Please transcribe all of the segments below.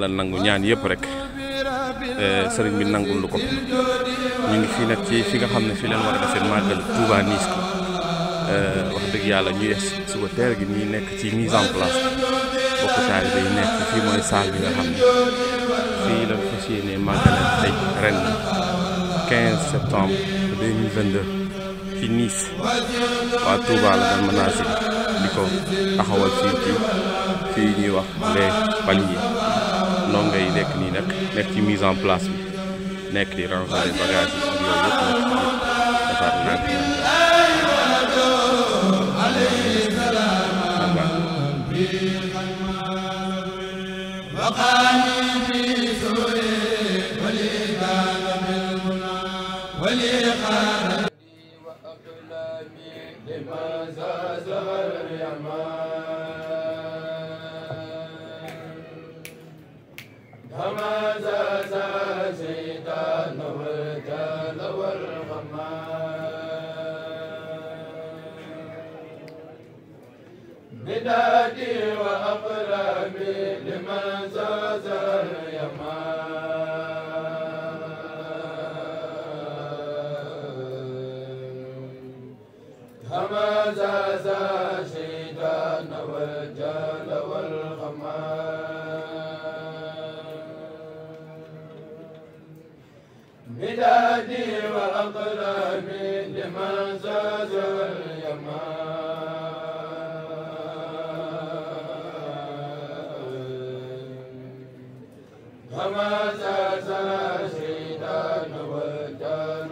la nangu ñaan yëpp rek eh, sëriñ bi nangul lu ko ñu ngi fii nag ci fi nga xam ne fi leen war a defee màggal Touba Niis gi eh, wax dëgg yàlla ñu yees suba teel gi ñuy nekk ci mise en place bokk nekk bi ci Niis waa Touba la dal Manazil di ko taxawal fii ci fii ñuy wax les paliers noonu yi nekk nii nag nekk ci mise en place bi nekk di ranger bagages yi yooyu yëpp ودادي وأقلامي لمن زاد اليمان وما زاد الشيطان والجان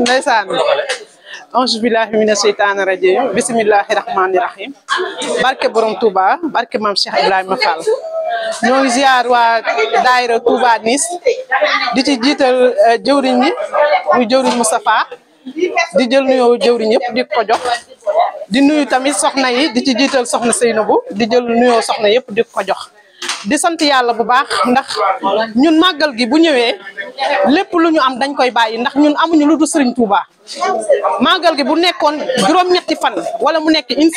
ndeysaan ange billahi mina seytaani rajim bisimilahi rahmaani rahim barke borom Touba barke maam Cheikh Ibrahima Fall ñoo ngi waa daayira Touba Nice di ci jiital euh, jëwriñ ñi mu jëwriñ Moustapha di jël nuyoo jëwriñ yëpp di ko di nuyu tamit soxna yi di ci jiital soxna Seynabou di jël nuyoo soxna yëpp di ko jox di sant yàlla bu baax ndax ñun màggal gi bu ñëwee lépp lu ñu am dañ koy bàyyi ndax ñun amuñu lu du Serigne Touba màggal gi bu nekkoon juróom-ñetti fan wala mu nekk une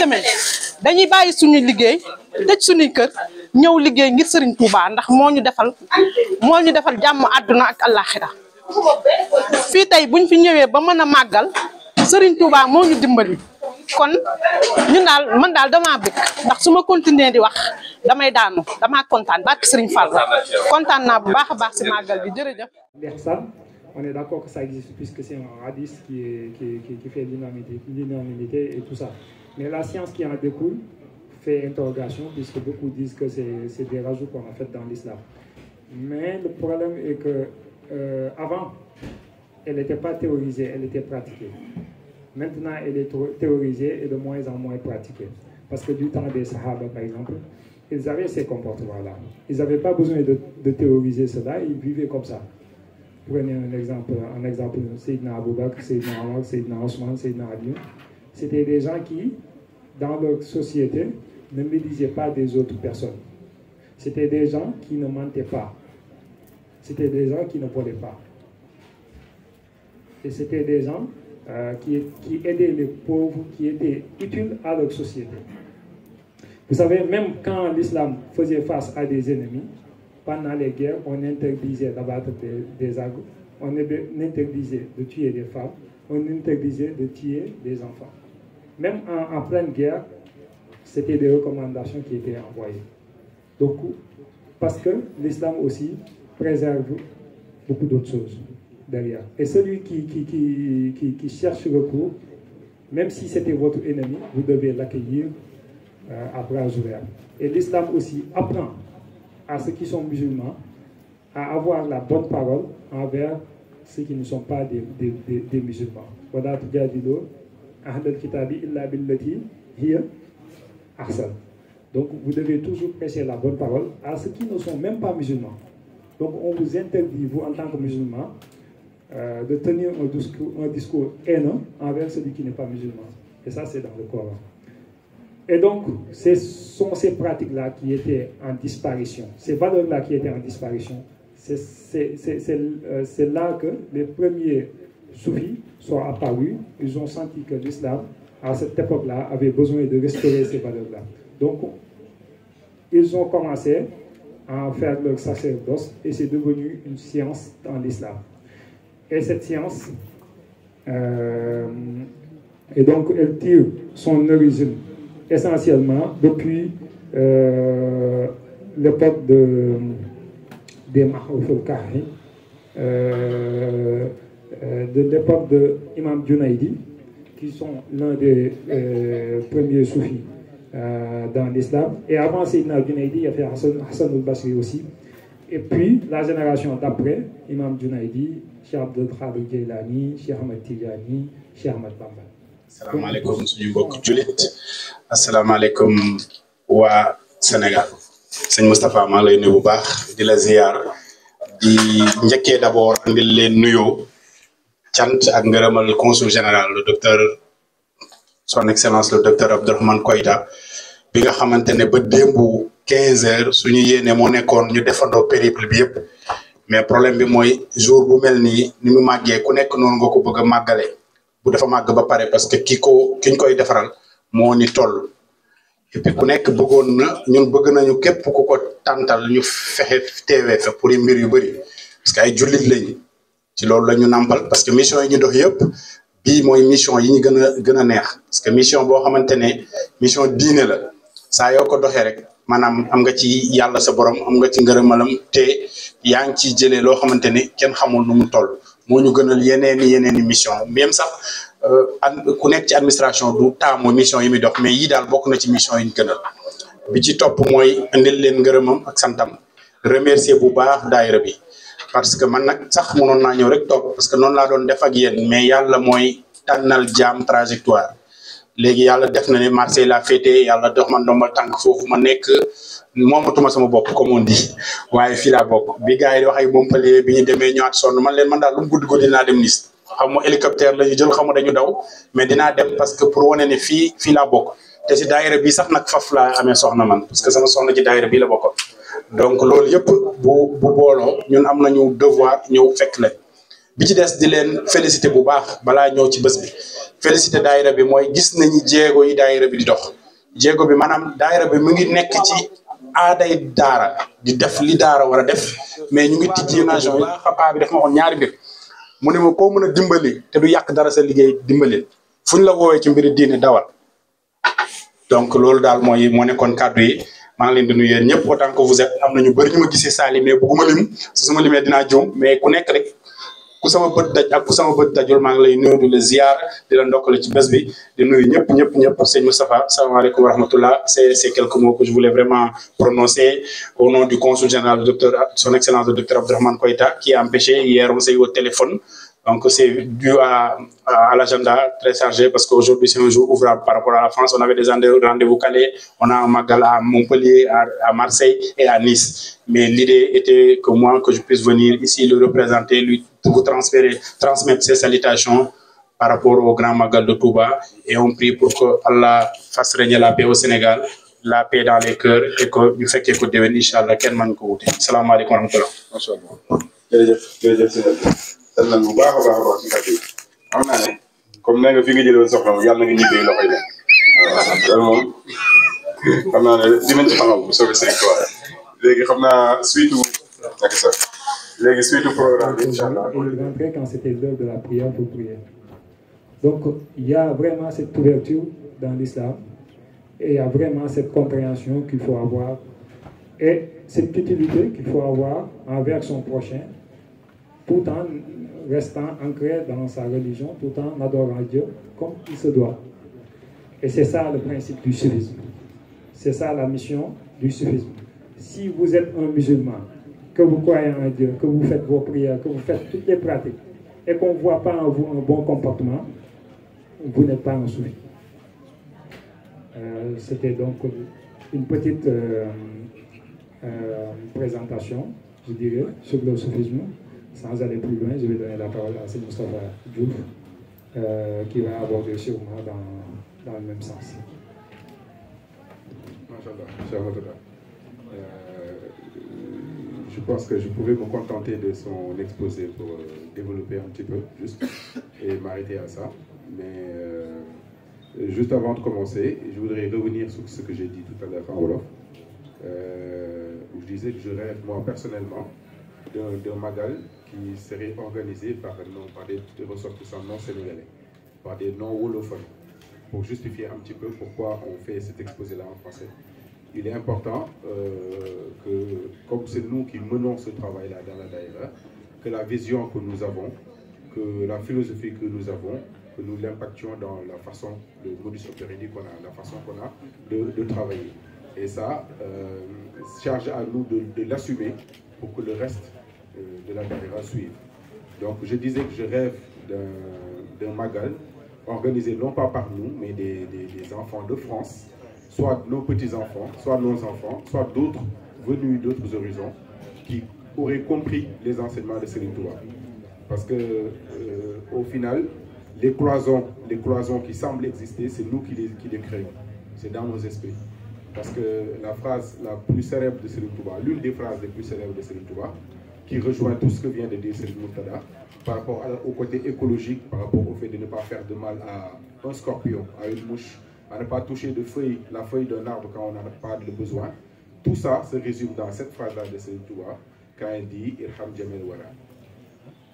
dañuy bàyyi suñu liggéey tëj suñuy kër ñëw liggéey ngir Serigne Touba ndax moo ñu defal moo ñu defal jàmm àdduna ak àllaaxira fii tey buñ fi ñëwee ba mën a màggal Serigne Touba moo ñu dimbali. kon on est d'accord que ça existe puisque c'est un radis qui, qui, fait l'unanimité et tout ça. Mais la science qui en découle fait interrogation puisque beaucoup disent que c'est des rajouts qu'on a fait dans l'islam. Mais le problème est que euh, avant, elle n'était pas théorisée, elle était pratiquée. Maintenant, elle est théorisée et de moins en moins pratiquée. Parce que du temps des Sahaba, par exemple, ils avaient ces comportements-là. Ils n'avaient pas besoin de, théoriser cela, ils vivaient comme ça. Prenez un exemple, un exemple Sayyidina Abu Bakr, Sayyidina Omar, Sayyidina Osman, Sayyidina Ali. C'était des gens qui, dans leur société, ne médisaient pas des autres personnes. C'était des gens qui ne mentaient pas. C'était des gens qui ne volaient pas. Et c'était des gens euh, qui, qui aidait les pauvres, qui était utile à leur société. Vous savez, même quand l'islam faisait face à des ennemis, pendant les guerres, on interdisait d'abattre des, des on interdisait de tuer des femmes, on interdisait de tuer des enfants. Même en, en pleine guerre, c'était des recommandations qui étaient envoyées. Donc, parce que l'islam aussi préserve beaucoup d'autres choses derrière. Et celui qui, qui, qui, qui cherche recours, même si c'était votre ennemi, vous devez l'accueillir euh, à bras ouverts. Et l'islam aussi apprend à ceux qui sont musulmans à avoir la bonne parole envers ceux qui ne sont pas des, des, des, musulmans. Donc vous devez toujours prêcher la bonne parole à ceux qui ne sont même pas musulmans. Donc on vous interdit, vous en tant que musulmans, euh, de tenir un discours, un discours haineux envers celui qui n'est pas musulman. Et ça, c'est dans le Coran. Et donc, ce sont ces pratiques-là qui étaient en disparition, ces valeurs-là qui étaient en disparition. C'est euh, là que les premiers soufis sont apparus. Ils ont senti que l'islam, à cette époque-là, avait besoin de restaurer ces valeurs-là. Donc, ils ont commencé à faire leur sacerdoce et c'est devenu une science dans l'islam et cette science. Euh, et donc, elle tire son origine essentiellement depuis euh, l'époque de, des Mahouf al-Kahri, euh, de l'époque de Imam Junaidi, qui sont l'un des premiers soufis dans l'islam. Et avant Imam Junaidi, il y avait Hassan, Hassan al-Basri aussi, et puis, la génération d'après, Imam Junaidi, Cheikh Abdel Khadr Jailani, Cheikh Ahmed Tidiani, Cheikh Ahmed Bamba. alaikum, suñu mbokk julit alaikum wa Sénégal sëñ Moustapha maa lay nuyu bu baax di la ziar di njëkkee d'abord, abord leen nuyoo cant ak consul général le docteur son excellence le docteur Abdourahmane Koïta bi nga xamantene ba démbu quinze heures suñu yéene mo nekkoon ñu defandoo périple bi yépp mais problème bi mooy jour bu mel ni ni mu màggee ku nekk noonu nga ko bëgg a màggale bu dafa màgg ba pare parce que ki ko ki koy defaral moo ni toll et puis ku nekk bëggoon na ñun bëgg nañu képp ku ko tàntal ñu fexe teewee fa pour mbir yu bëri parce que ay jullit lañ ci loolu la ñu parce que mission yi ñu dox yépp bii mooy mission yi ñu gën a gën a neex parce que mission boo xamante ne mission diine la saa yoo ko doxee rek maanaam am nga ci yàlla sa borom am nga ci ngërëmalam te yaa ngi ciy jëlee loo xamante ne kenn xamul nu mu toll moo ñu gënal yeneen yeneen i mission même sax euh, ku nekk ci administration du taamu mission yi mi dox mais yii daal bokk na ci mission yi ñu gënal bi ci topp mooy indil leen ngërëmam ak santam remercier bu baax daayira bi parce que man nag sax mu noon naa ñëw rek toog parce que noonu laa doon def ak yéen mais yàlla mooy tànnal jaam trajectoire léegi yàlla def na ne Marseille la féetee yàlla dox ma ndombal tànk foofu ma nekk moomatuma sama bopp comme on dit waaye fii laa bokk bi gars yi di wax ay bi ñu demee ñëwaat sonn man leen man daal lu mu gudd guddi dinaa dem Nice xam nga hélicoptère la ñu jël xam nga dañu daw mais dinaa parce que pour wane ne fii fii laa bokk te si daayira bi sax nag faf laa amee soxna man parce que sama soxna ci daayira bii la bokkoon donc loolu yëpp bu bu booloo ñun am na nañu devoir ñëw fekk leen bi ci des di leen félicité bu baax balaa ñëw ci bés bi félicité daayira bi mooy gis na ñi jéego yi daayira bi di dox jéego bi maanaam daayira bi mu ngi nekk ci aaday daara di def li daara war a def mais ñu ngi tijji nation yi xapaa bi def ma waxoon ñaari mbir mu ne ma koo mën a dimbali te du yàq dara sa liggéey dimbali fu ñu la woowee ci mbiri diine dawal donc loolu daal mooy moo nekkoon kàddu yi maa ngi leen di nuyu yéen ñëpp autant que vous êtes am na ñu bëri ñu ma gisee saali mais bëgguma lim su ma limee dinaa juum mais ku nekk rek. lay ziar ci bi di nuyu Moustapha wa c'est quelques mots que je voulais vraiment prononcer au nom du consul général docteur son excellence le docteur Abdourahmane Koïta qui a empêché hier on s'est eu au téléphone donc c'est dû à, à, l'agenda très chargé parce qu'aujourd'hui c'est un jour ouvrable par rapport à la France. On avait des rendez-vous calés, on a un Magal à Montpellier, à, à Marseille et à Nice. Mais l'idée était que moi, que je puisse venir ici le représenter, lui vous transférer, transmettre ces salutations par rapport au Grand Magal de Touba et on prie pour que Allah fasse régner la paix au Sénégal, la paix dans les cœurs et que nous suite quand c'était l'heure de la prière pour prier. Donc il y a vraiment cette ouverture dans l'islam et il y a vraiment cette compréhension qu'il faut avoir et cette utilité qu'il faut avoir envers son prochain tout en restant ancré dans sa religion, tout en adorant Dieu comme il se doit. Et c'est ça le principe du sufisme. C'est ça la mission du sufisme. Si vous êtes un musulman, que vous croyez en Dieu, que vous faites vos prières, que vous faites toutes les pratiques, et qu'on ne voit pas en vous un bon comportement, vous n'êtes pas en soumis. Euh, c'était donc une petite euh, euh, présentation, je dirais, sur le soufisme. Sans aller plus loin, je vais donner la parole à Sébastien Djouf, qui va aborder sûrement dans, dans le même sens je pense que je pouvais me contenter de son exposé pour euh, développer un petit peu, juste, et m'arrêter à ça. Mais euh, juste avant de commencer, je voudrais revenir sur ce que j'ai dit tout à l'heure en Wolof, où euh, je disais que je rêve, moi, personnellement, d'un magal qui serait organisé par, non, par des ressortissants non sénégalais, par des non roulophones pour justifier un petit peu pourquoi on fait cet exposé-là en français il est important euh, que, comme c'est nous qui menons ce travail-là dans la Daira, que la vision que nous avons, que la philosophie que nous avons, que nous l'impactions dans la façon, de modus operandi qu'on a, la façon qu'on a de, travailler. Et ça, euh, charge à nous de, l'assumer pour que le reste euh, de la Daira suive. Donc je disais que je rêve d'un magal organisé non pas par nous, mais des, des enfants de France soit nos petits-enfants, soit nos enfants, soit d'autres venus d'autres horizons qui auraient compris les enseignements de Selim Touba. Parce que, euh, au final, les cloisons, les cloisons qui semblent exister, c'est nous qui les, qui les créons. C'est dans nos esprits. Parce que la phrase la plus célèbre de Selim Touba, l'une des phrases les plus célèbres de Selim Touba, qui rejoint tout ce que vient de dire Selim Moutada, par rapport au côté écologique, par rapport au fait de ne pas faire de mal à un scorpion, à une mouche, à ne pas toucher de feuille, la feuille d'un arbre quand on n'en a pas le besoin. Tout ça se résume dans cette phrase-là de ce Touba, quand il dit Irham Jamel Wara.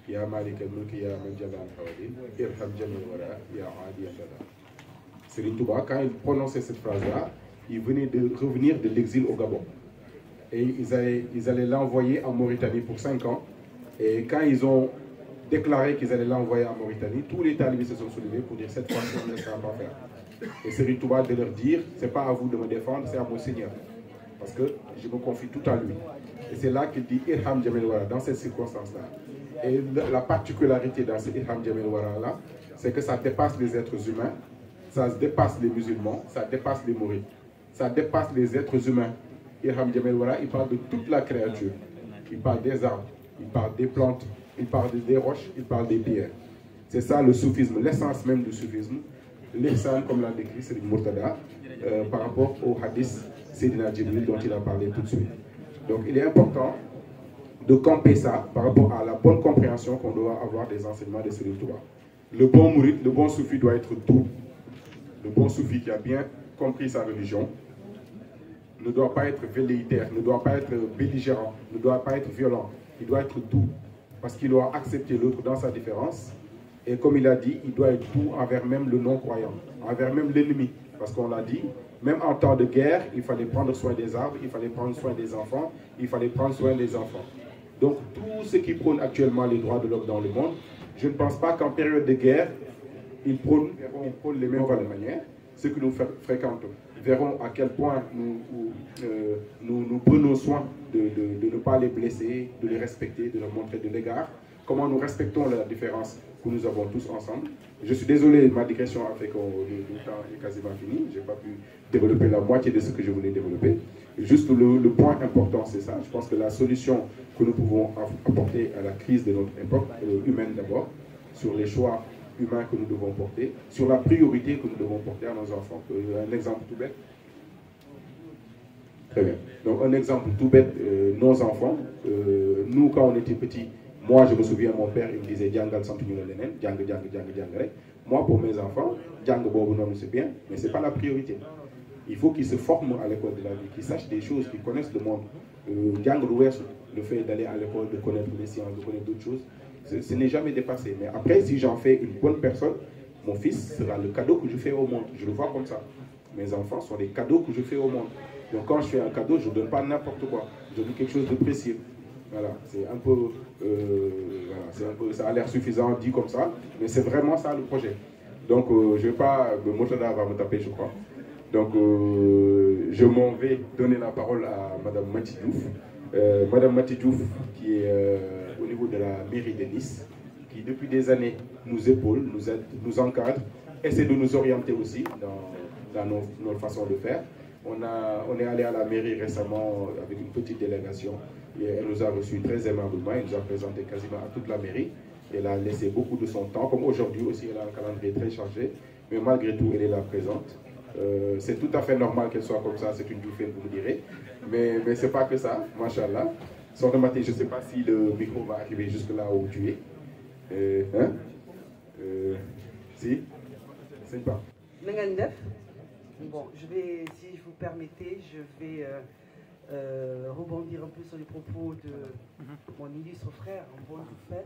Ya Ya Irham Jamel Wara, Ya Adi Touba, quand il prononçait cette phrase-là, il venait de revenir de l'exil au Gabon. Et ils allaient ils l'envoyer en Mauritanie pour 5 ans. Et quand ils ont déclaré qu'ils allaient l'envoyer en Mauritanie, tous les talibis se sont soulevés pour dire cette fois-ci, on ne sera pas faire. Et c'est rituel de leur dire, c'est pas à vous de me défendre, c'est à mon Seigneur. Parce que je me confie tout à lui. Et c'est là qu'il dit Irham Djamelwara, dans ces circonstances là Et la particularité dans ce Irham Djamelwara-là, c'est que ça dépasse les êtres humains, ça dépasse les musulmans, ça dépasse les mourides, ça dépasse les êtres humains. Irham Djamelwara, il parle de toute la créature. Il parle des arbres, il parle des plantes, il parle des roches, il parle des pierres. C'est ça le soufisme, l'essence même du soufisme, L'examen, comme l'a décrit Sri Murtada, euh, par rapport au hadith Sayyidina Jibril dont il a parlé tout de suite. Donc il est important de camper ça par rapport à la bonne compréhension qu'on doit avoir des enseignements de Sri Touba. Le bon mourit, le bon soufi doit être tout. Le bon soufi qui a bien compris sa religion ne doit pas être velléitaire, ne doit pas être belligérant, ne doit pas être violent. Il doit être tout parce qu'il doit accepter l'autre dans sa différence et comme il a dit, il doit être tout envers même le non-croyant, envers même l'ennemi. Parce qu'on l'a dit, même en temps de guerre, il fallait prendre soin des arbres, il fallait prendre soin des enfants, il fallait prendre soin des enfants. Donc tout ce qui prône actuellement les droits de l'homme dans le monde, je ne pense pas qu'en période de guerre, ils prônent, les mêmes valeurs manières. Ceux que nous fréquentons verrons à quel point nous, euh, prenons soin de ne pas les blesser, de les respecter, de leur montrer de l'égard. Comment nous respectons la différence que nous avons tous ensemble. Je suis désolé, ma digression a fait que temps est quasiment fini. Je n'ai pas pu développer la moitié de ce que je voulais développer. Juste le, point important, c'est ça. Je pense que la solution que nous pouvons apporter à la crise de notre époque, euh, humaine d'abord, sur les choix humains que nous devons porter, sur la priorité que nous devons porter à nos enfants. Euh, un exemple tout bête. Très bien. Donc un exemple tout bête, euh, nos enfants, nous quand on était petits, moi, je me souviens, mon père, il me disait Djangal Django, Moi, pour mes enfants, Django Bobonom, c'est bien, mais ce n'est pas la priorité. Il faut qu'ils se forment à l'école de la vie, qu'ils sachent des choses, qu'ils connaissent le monde. Django euh, le fait d'aller à l'école, de connaître les sciences, de connaître d'autres choses, ce, n'est jamais dépassé. Mais après, si j'en fais une bonne personne, mon fils sera le cadeau que je fais au monde. Je le vois comme ça. Mes enfants sont des cadeaux que je fais au monde. Donc quand je fais un cadeau, je ne donne pas n'importe quoi. Je donne quelque chose de précieux. Voilà, c'est un peu, euh, voilà, un peu, ça a l'air suffisant dit comme ça, mais c'est vraiment ça le projet. Donc, je euh, je vais pas, Motada va me taper, je crois. Donc, euh, je m'en vais donner la parole à Madame Matidouf euh, Madame Matidouf qui est au niveau de la mairie de Nice, qui depuis des années nous épaule, nous aide, nous encadre, essaie de nous orienter aussi dans, dans nos, nos façons de faire. On, a, on est allé à la mairie récemment avec une petite délégation elle nous a reçus très aimablement, elle nous a présenté quasiment à toute la mairie. Elle a laissé beaucoup de son temps, comme aujourd'hui aussi, elle a un calendrier très chargé, mais malgré tout, elle est là présente. Euh, c'est tout à fait normal qu'elle soit comme ça, c'est une bouffée, vous me direz. Mais, mais n'est pas que ça, machallah. Sans matin, je ne sais pas si le micro va arriver jusque là où tu es. Euh, hein? Euh, si C'est pas. Bon, je vais, si vous permettez, je vais euh, rebondir un peu sur les propos de mon mhm. illustre frère, grand fan,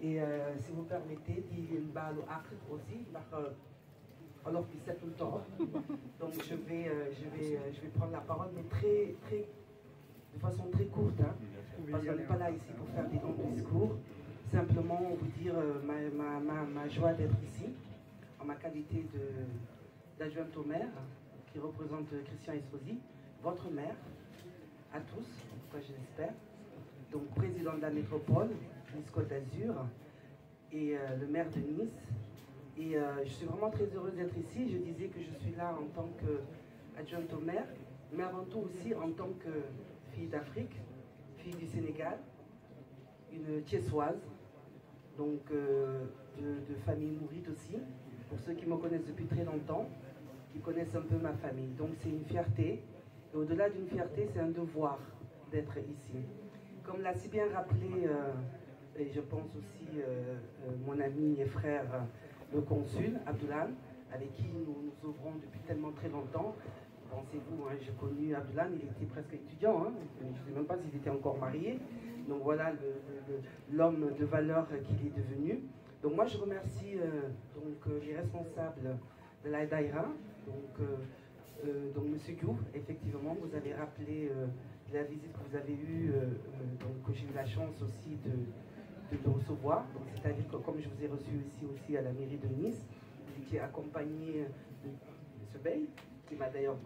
Et euh, si vous permettez, une balle au aussi, alors qu'il sait tout le temps. Donc je vais, euh, je vais, je vais prendre la parole, mais très, très, de façon très courte, hein, parce qu'on n'est pas là ici pour faire des longs discours. Simplement vous dire ma, ma, joie d'être ici, en ma qualité d'adjointe au maire, qui représente Christian Estrosi, votre maire, à tous, en tout cas je l'espère. Donc président de la métropole, Nice Côte d'Azur, et euh, le maire de Nice. Et euh, je suis vraiment très heureuse d'être ici. Je disais que je suis là en tant qu'adjointe au maire, mais avant tout aussi en tant que fille d'Afrique, fille du Sénégal, une Tiessoise, donc euh, de, de, famille mourite aussi, pour ceux qui me connaissent depuis très longtemps, qui connaissent un peu ma famille. Donc c'est une fierté, au-delà d'une fierté, c'est un devoir d'être ici. Comme l'a si bien rappelé, euh, et je pense aussi euh, euh, mon ami et frère, le consul, Abdoulane, avec qui nous nous ouvrons depuis tellement très longtemps. Pensez-vous, hein, j'ai connu abdoulan il était presque étudiant, hein, je ne sais même pas s'il était encore marié. Donc voilà l'homme de valeur qu'il est devenu. Donc moi je remercie donc, les responsables de la euh, donc, Monsieur Gu, effectivement, vous avez rappelé euh, la visite que vous avez eue, euh, donc, que j'ai eu la chance aussi de, de, recevoir. C'est-à-dire que comme je vous ai reçu ici aussi à la mairie de Nice, qui est accompagné de M. Bey, qui m'a d'ailleurs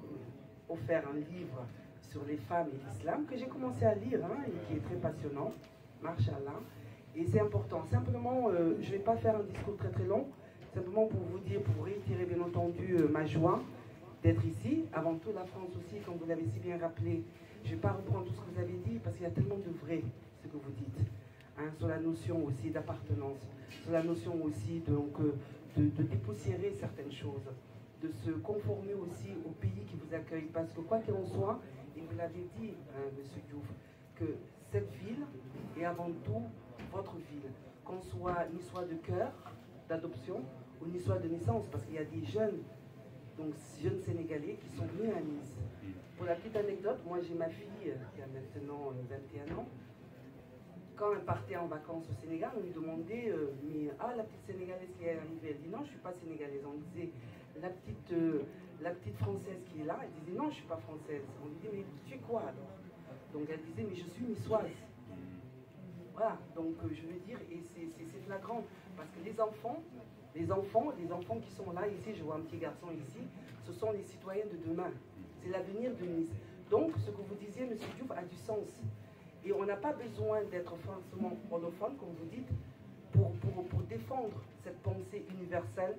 offert un livre sur les femmes et l'islam, que j'ai commencé à lire, hein, et qui est très passionnant, marshall. Et c'est important. Simplement, je ne vais pas faire un discours très très long, simplement pour vous dire, pour réitérer bien entendu ma joie d'être ici. Avant tout, la France aussi, comme vous l'avez si bien rappelé, je ne vais pas reprendre tout ce que vous avez dit parce qu'il y a tellement de vrai, ce que vous dites, hein, sur la notion aussi d'appartenance, sur la notion aussi euh, de, dépoussiérer certaines choses, de se conformer aussi au pays qui vous accueille. Parce que quoi qu'il en soit, et vous l'avez dit, M. Hein, Monsieur Diouf, que cette ville est avant tout votre ville. Qu'on soit, ni soit de cœur, d'adoption, ou ni soit de naissance, parce qu'il y a des jeunes donc jeunes Sénégalais qui sont venus à Nice. Pour la petite anecdote, moi j'ai ma fille euh, qui a maintenant 21 euh, ans. Quand elle partait en vacances au Sénégal, on lui demandait euh, mais ah la petite sénégalaise qui est arrivée, elle dit non je suis pas sénégalaise. On disait la petite la petite française qui est là, elle disait non je suis pas française. On lui dit « mais tu es quoi alors Donc elle disait mais je suis niçoise. Voilà, donc je veux dire, et c'est flagrant, parce que les enfants, les enfants, les enfants qui sont là, ici, je vois un petit garçon ici, ce sont les citoyens de demain. C'est l'avenir de Nice. Donc, ce que vous disiez, M. Diouf, a du sens. Et on n'a pas besoin d'être forcément holophone, comme vous dites, pour, pour, pour, défendre cette pensée universelle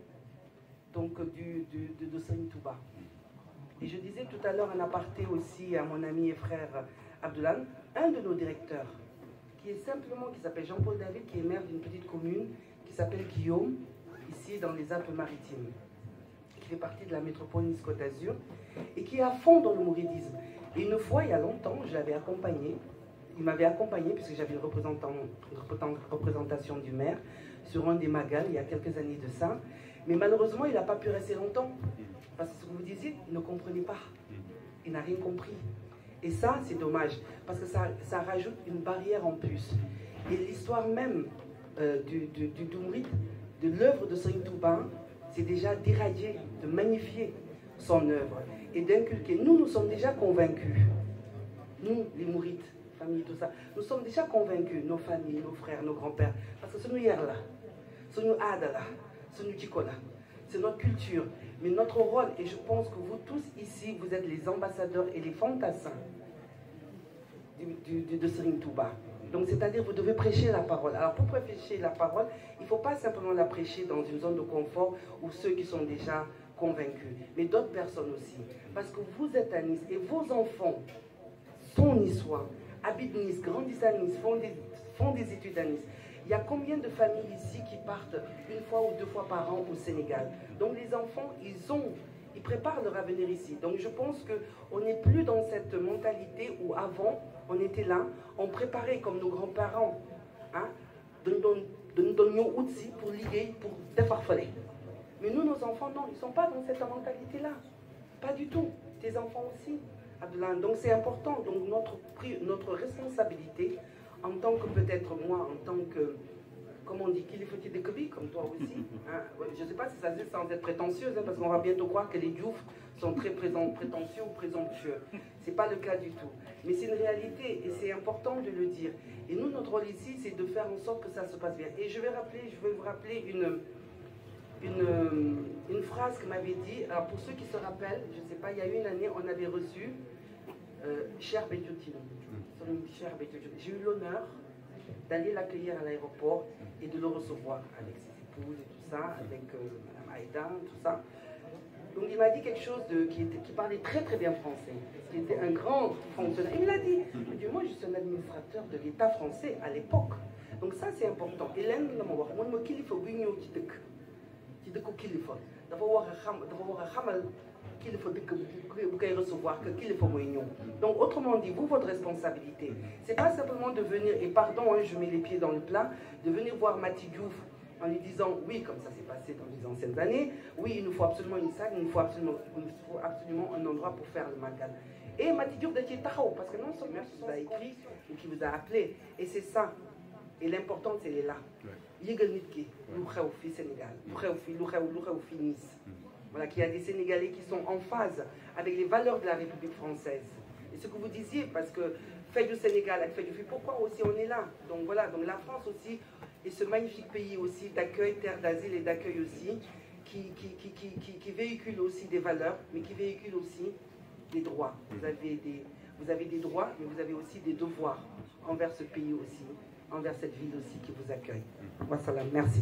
donc, du, de, de Saint Touba. Et je disais tout à l'heure en aparté aussi à mon ami et frère Abdoulan, un de nos directeurs, qui est simplement, qui s'appelle Jean-Paul David, qui est maire d'une petite commune, qui s'appelle Guillaume, ici dans les Alpes-Maritimes, qui fait partie de la métropole Nice-Côte d'Azur et qui est à fond dans le mouridisme. Et une fois, il y a longtemps, je l'avais accompagné, il m'avait accompagné puisque j'avais une, représentation du maire sur un des magasins il y a quelques années de ça. Mais malheureusement, il n'a pas pu rester longtemps parce que ce que vous disiez, il ne comprenait pas. Il n'a rien compris. Et ça, c'est dommage, parce que ça, rajoute une barrière en plus. Et l'histoire même euh, du, du, de l'œuvre de Serine Touba, c'est déjà d'érailler, de magnifier son œuvre et d'inculquer. Nous, nous sommes déjà convaincus, nous, les Mourites, famille, tout ça, nous sommes déjà convaincus, nos familles, nos frères, nos grands-pères, parce que ce nous hier là, ce nous Adala, là, ce nous là, c'est notre culture. Mais notre rôle, et je pense que vous tous ici, vous êtes les ambassadeurs et les fantassins de, de, de, Touba. Donc, c'est-à-dire, vous devez prêcher la parole. Alors, pour prêcher la parole, il ne faut pas simplement la prêcher dans une zone de confort où ceux qui sont déjà convaincus, mais d'autres personnes aussi. Parce que vous êtes à Nice et vos enfants sont niçois, habitent Nice, grandissent à Nice, font des, font des études à Nice. Il y a combien de familles ici qui partent une fois ou deux fois par an au Sénégal Donc, les enfants, ils ont ils préparent leur avenir ici. Donc je pense qu'on n'est plus dans cette mentalité où avant, on était là, on préparait comme nos grands-parents, hein, de nous donner outils pour liguer, pour défarfaler. Mais nous, nos enfants, non, ils ne sont pas dans cette mentalité-là. Pas du tout. Tes enfants aussi, Abdelin. Donc c'est important. Donc notre, notre responsabilité, en tant que peut-être moi, en tant que comme on dit qu'il est petit des copies, comme toi aussi. Hein. Je ne sais pas si ça se dit sans être prétentieuse, hein, parce qu'on va bientôt croire que les dioufs sont très présents, prétentieux ou présomptueux. Ce n'est pas le cas du tout. Mais c'est une réalité et c'est important de le dire. Et nous, notre rôle ici, c'est de faire en sorte que ça se passe bien. Et je vais, rappeler, je vais vous rappeler une, une, phrase que m'avait dit. Alors pour ceux qui se rappellent, je ne sais pas, il y a une année, on avait reçu euh, Cher Bédiotine. Mm. J'ai eu l'honneur d'aller l'accueillir à l'aéroport et de le recevoir avec ses épouses et tout ça, avec euh, Mme Aïda, tout ça. Donc il m'a dit quelque chose qui, était, qui, parlait très très bien français, qui était un grand fonctionnaire. Il me l'a dit, du moins je suis un administrateur de l'État français à l'époque. Donc ça c'est important. Et Hélène, je faut que vous puissiez recevoir que kilifa mooy donc autrement dit vous votre responsabilité c'est pas simplement de venir et pardon hein, je mets les pieds dans le plat de venir voir Mati Diouf en lui disant oui comme ça s'est passé dans les anciennes années oui il nous faut absolument une salle il nous faut absolument nous faut absolument un endroit pour faire le magal et Mati Diouf parce que non seulement qui vous a écrit ou qui vous a appelé et c'est ça et l'important c'est est là Sénégal lu Nice mm voilà, qu'il y a des Sénégalais qui sont en phase avec les valeurs de la République française. Et ce que vous disiez, parce que fait du Sénégal avec fait du pourquoi aussi on est là Donc voilà, donc la France aussi est ce magnifique pays aussi d'accueil, terre d'asile et d'accueil aussi, qui, qui, véhicule aussi des valeurs, mais qui véhicule aussi des droits. Vous avez des, vous avez des droits, mais vous avez aussi des devoirs envers ce pays aussi, envers cette ville aussi qui vous accueille. Wassalam, merci.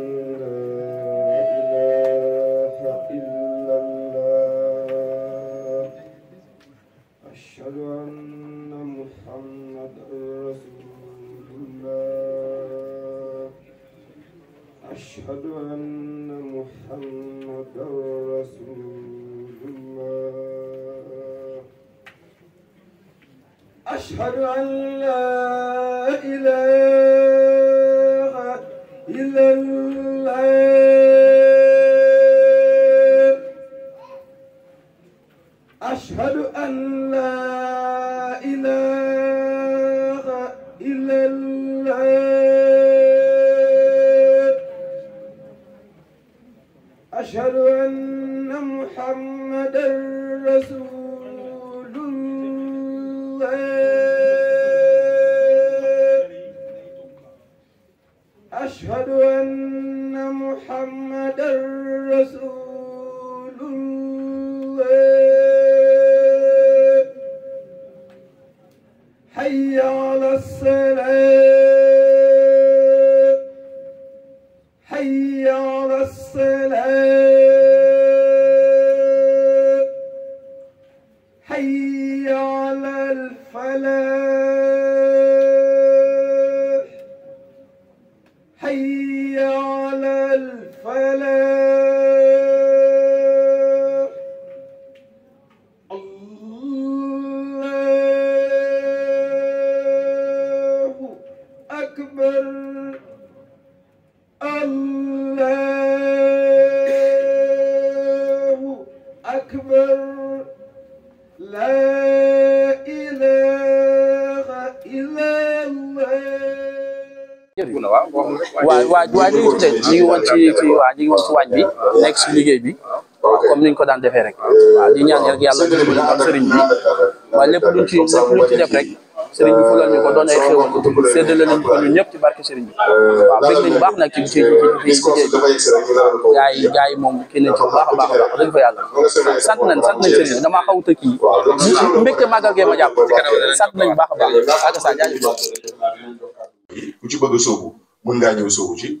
إلى de ñu ngi woon ci bi nekk si liggéey bi comme niñ ko daan defee rek waaw di ñaan yàlla bi waaye lépp luñ ci ci def rek sëriñ bi ko doon ay xéewal ñëpp ci barke sëriñ bi waaw bëgg nañ baax nag ci ci moom kii nañ ci baax a baax a baax dañ fa yàlla sant nañ sant nañ sëriñ bi damaa xaw a tëkk yi mbégte a gee sant nañ baax a baax ak saa jaajëf ku ci bëgg mën ngaa ñëw soobu ci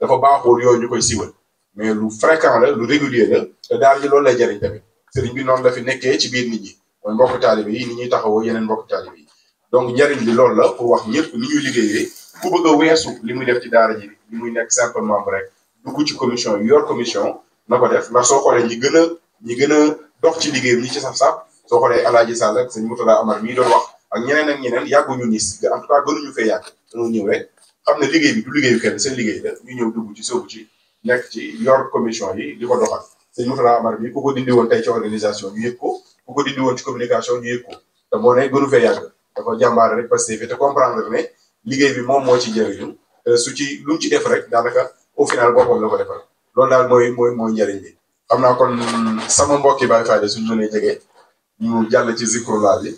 dafa baaxul yooyu ñu koy siwal mais lu fréquent la lu régulier la te daal di loolu lay jëriñ tamit sëriñ bi noonu la fi nekkee ci biir nit ñi mooy mbokk taalibe yi ni ñuy taxawoo yeneen mbokk taalibe yi donc jariñ bi loolu la pour wax ñëpp ni ñuy liggéeyee bu bëgg weesu li muy def ci daara ji li muy nekk simple membre rek dugg ci commission yor commission na ko def ndax soo xoolee ñi gën a ñi gën a ci liggéey ñi ci saf-saf soo xoolee Alaaji Sall ak sëñ Moutala Amar mii doon wax ak ñeneen ak ñeneen yàgguñu nis en tout cas gënuñu fee yàgg dañoo ñëw rek xam na liggéey bi du liggéeyu kenn seen liggéey la ñu ñëw dugg ci sóobu ci nekk ci yor commission yi di ko doxal sëñ Moutala Amar bi ku ko dindi woon tey ci organisation ñu yëg ko ku ko dindi woon ci communication ñu yëg ko te moo ne gënu rek parce que te comprendre ne liggéey bi moom moo ci njëriñu su ci lu mu ci def rek daanaka au final boppam la ko defal loolu daal mooy mooy mooy njëriñ bi xam na kon sama mbokk yi Baye Fade suñu mënee jege ñu jàll ci zikrullah bi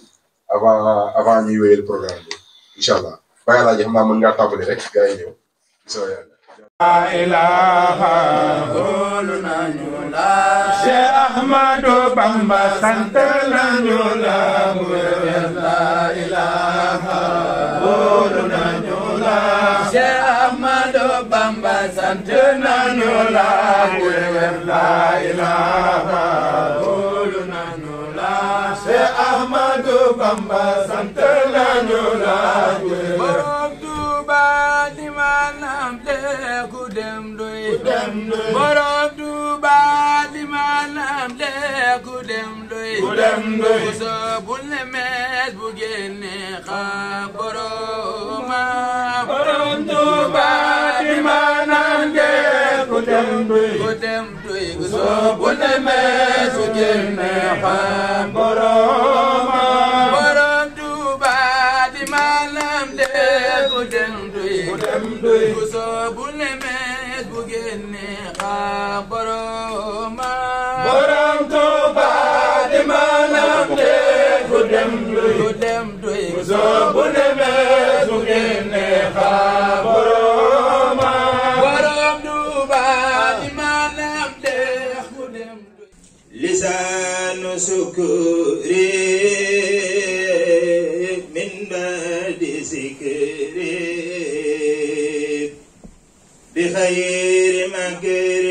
avant avant ñuy wéyal programme bi incha allah. bàyyi laa ji xam mën ngaa tàmbali rek gars yi ñëw bisimilah yàlla. laa ilaaha xoolu nañu la. Cheikh Ahmadou Bamba sant nañu la mu wér laa ilaaha xoolu nañu la. Cheikh Ahmadou Bamba sant nañu la mu wér laa ilaaha xoolu nañu la. Cheikh am de ku dem doy borom Tuuba li man am de ku dem doy ku soobul ne mees bu génne xam boroma borom Tuuba li man am de ku dem doy ku dem doy ku soobul ne mees bu génne xam borom خير مكيد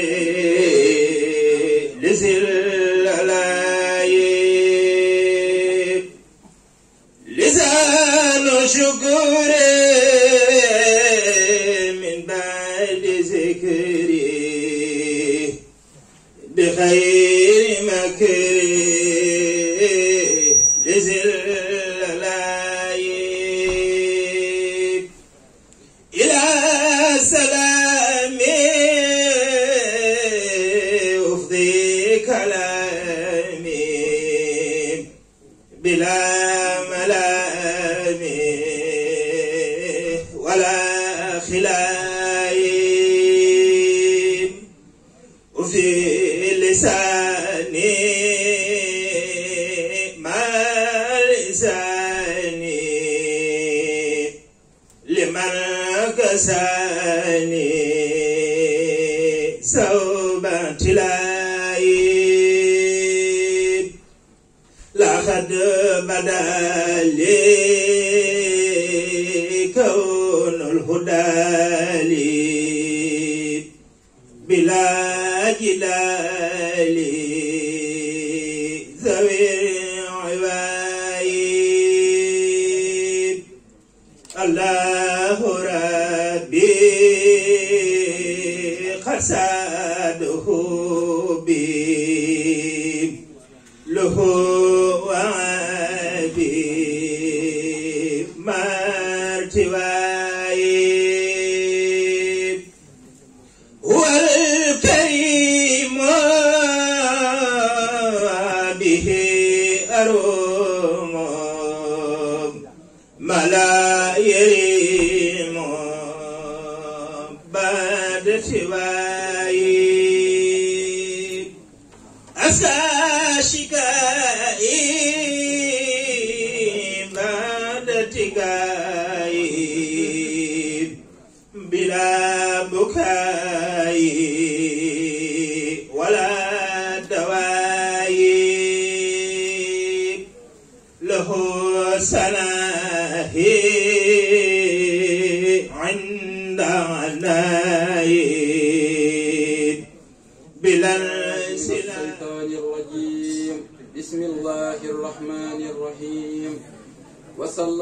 جهاده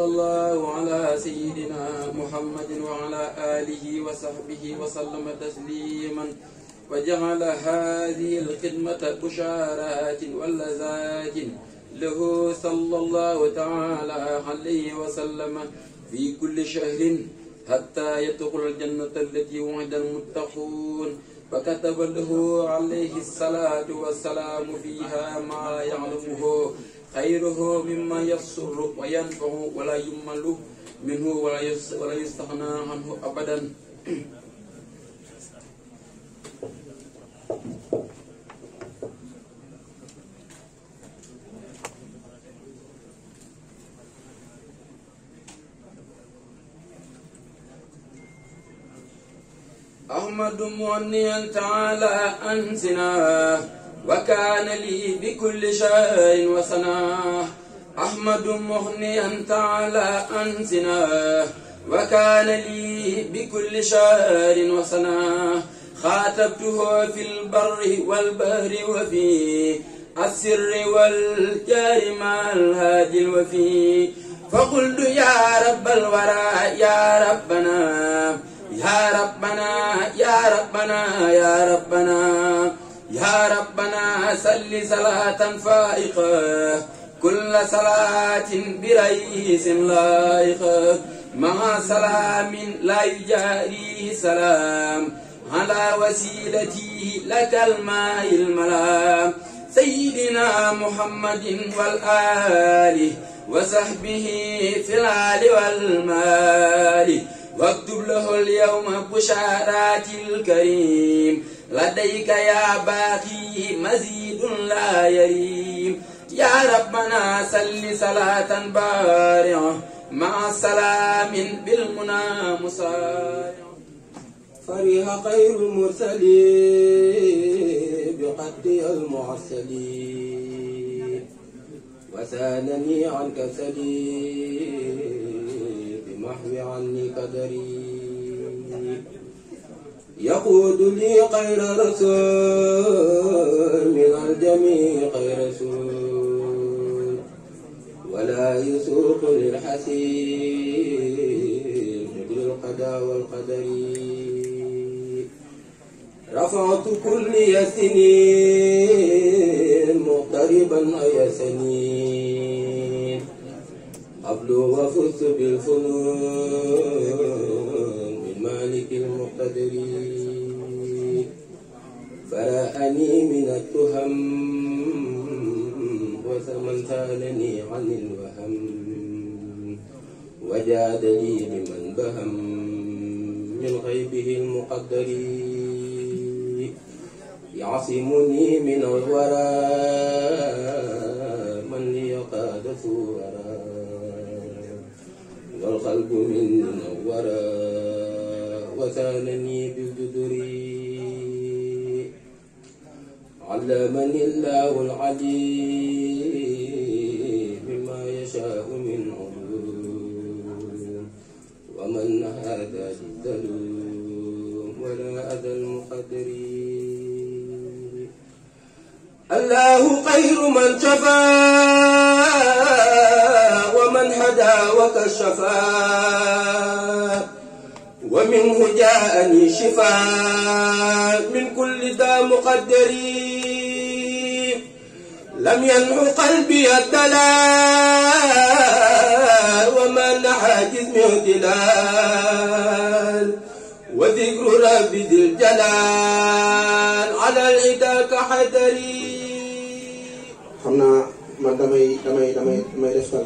الله على سيدنا محمد وعلى آله وصحبه وسلم تسليما وجعل هذه الخدمة بشارات ولذات له صلى الله تعالى عليه وسلم في كل شهر حتى يدخل الجنة التي وعد المتقون فكتب له عليه الصلاة والسلام فيها ما يعلمه خيره مما يسر وينفع ولا يمل منه ولا ولا يستغنى عنه أبدا أحمد منيا تعالى أنزنا وكان لي بكل شيء وسناه أحمد مغنيا تعالى أنزناه وكان لي بكل شهر وسناه خاتبته في البر والبهر وفي السر والجار الهادي الوفي فقلت يا رب الورى يا ربنا يا ربنا يا ربنا يا ربنا, يا ربنا يا ربنا سل صلاة فائقة كل صلاة برئيس لائقة مع سلام لا يجاريه سلام على وسيلتي لك الماء الملام سيدنا محمد والآل وصحبه في العال والمال واكتب له اليوم بشارات الكريم لديك يا باقي مزيد لا يريم يا ربنا سل صلاة بارعة مع سلام بالمنى مصارع فرح خير المرسلين بقد المعسلين وسالني عن كسلي بمحو عني قدري يقود لي غير رسول من الجميع غير رسول ولا يسوق للحسيب القدى والقدر رفعت كل يسنين مقتربا أي سنين قبل وفزت بالفنون مالك المقتدر فرأني من التهم وثمن ثانني عن الوهم وجاد لي بمن بهم من غيبه المقدر يعصمني من الورى من لي قادة ورى والقلب من نورا وثانني بجدري علمني الله العليم بما يشاء من علوم ومن هذا للذلوم ولا أذى المقدر الله خير من شفى ومن هدى وكشفى منه جاءني شفاء من كل داء مقدر لم ينح قلبي الدلاء وما نحى من دلال وذكر ربي ذي الجلال على العدا كحذري دمي دمي دمي دمي دمي دمي دمي دمي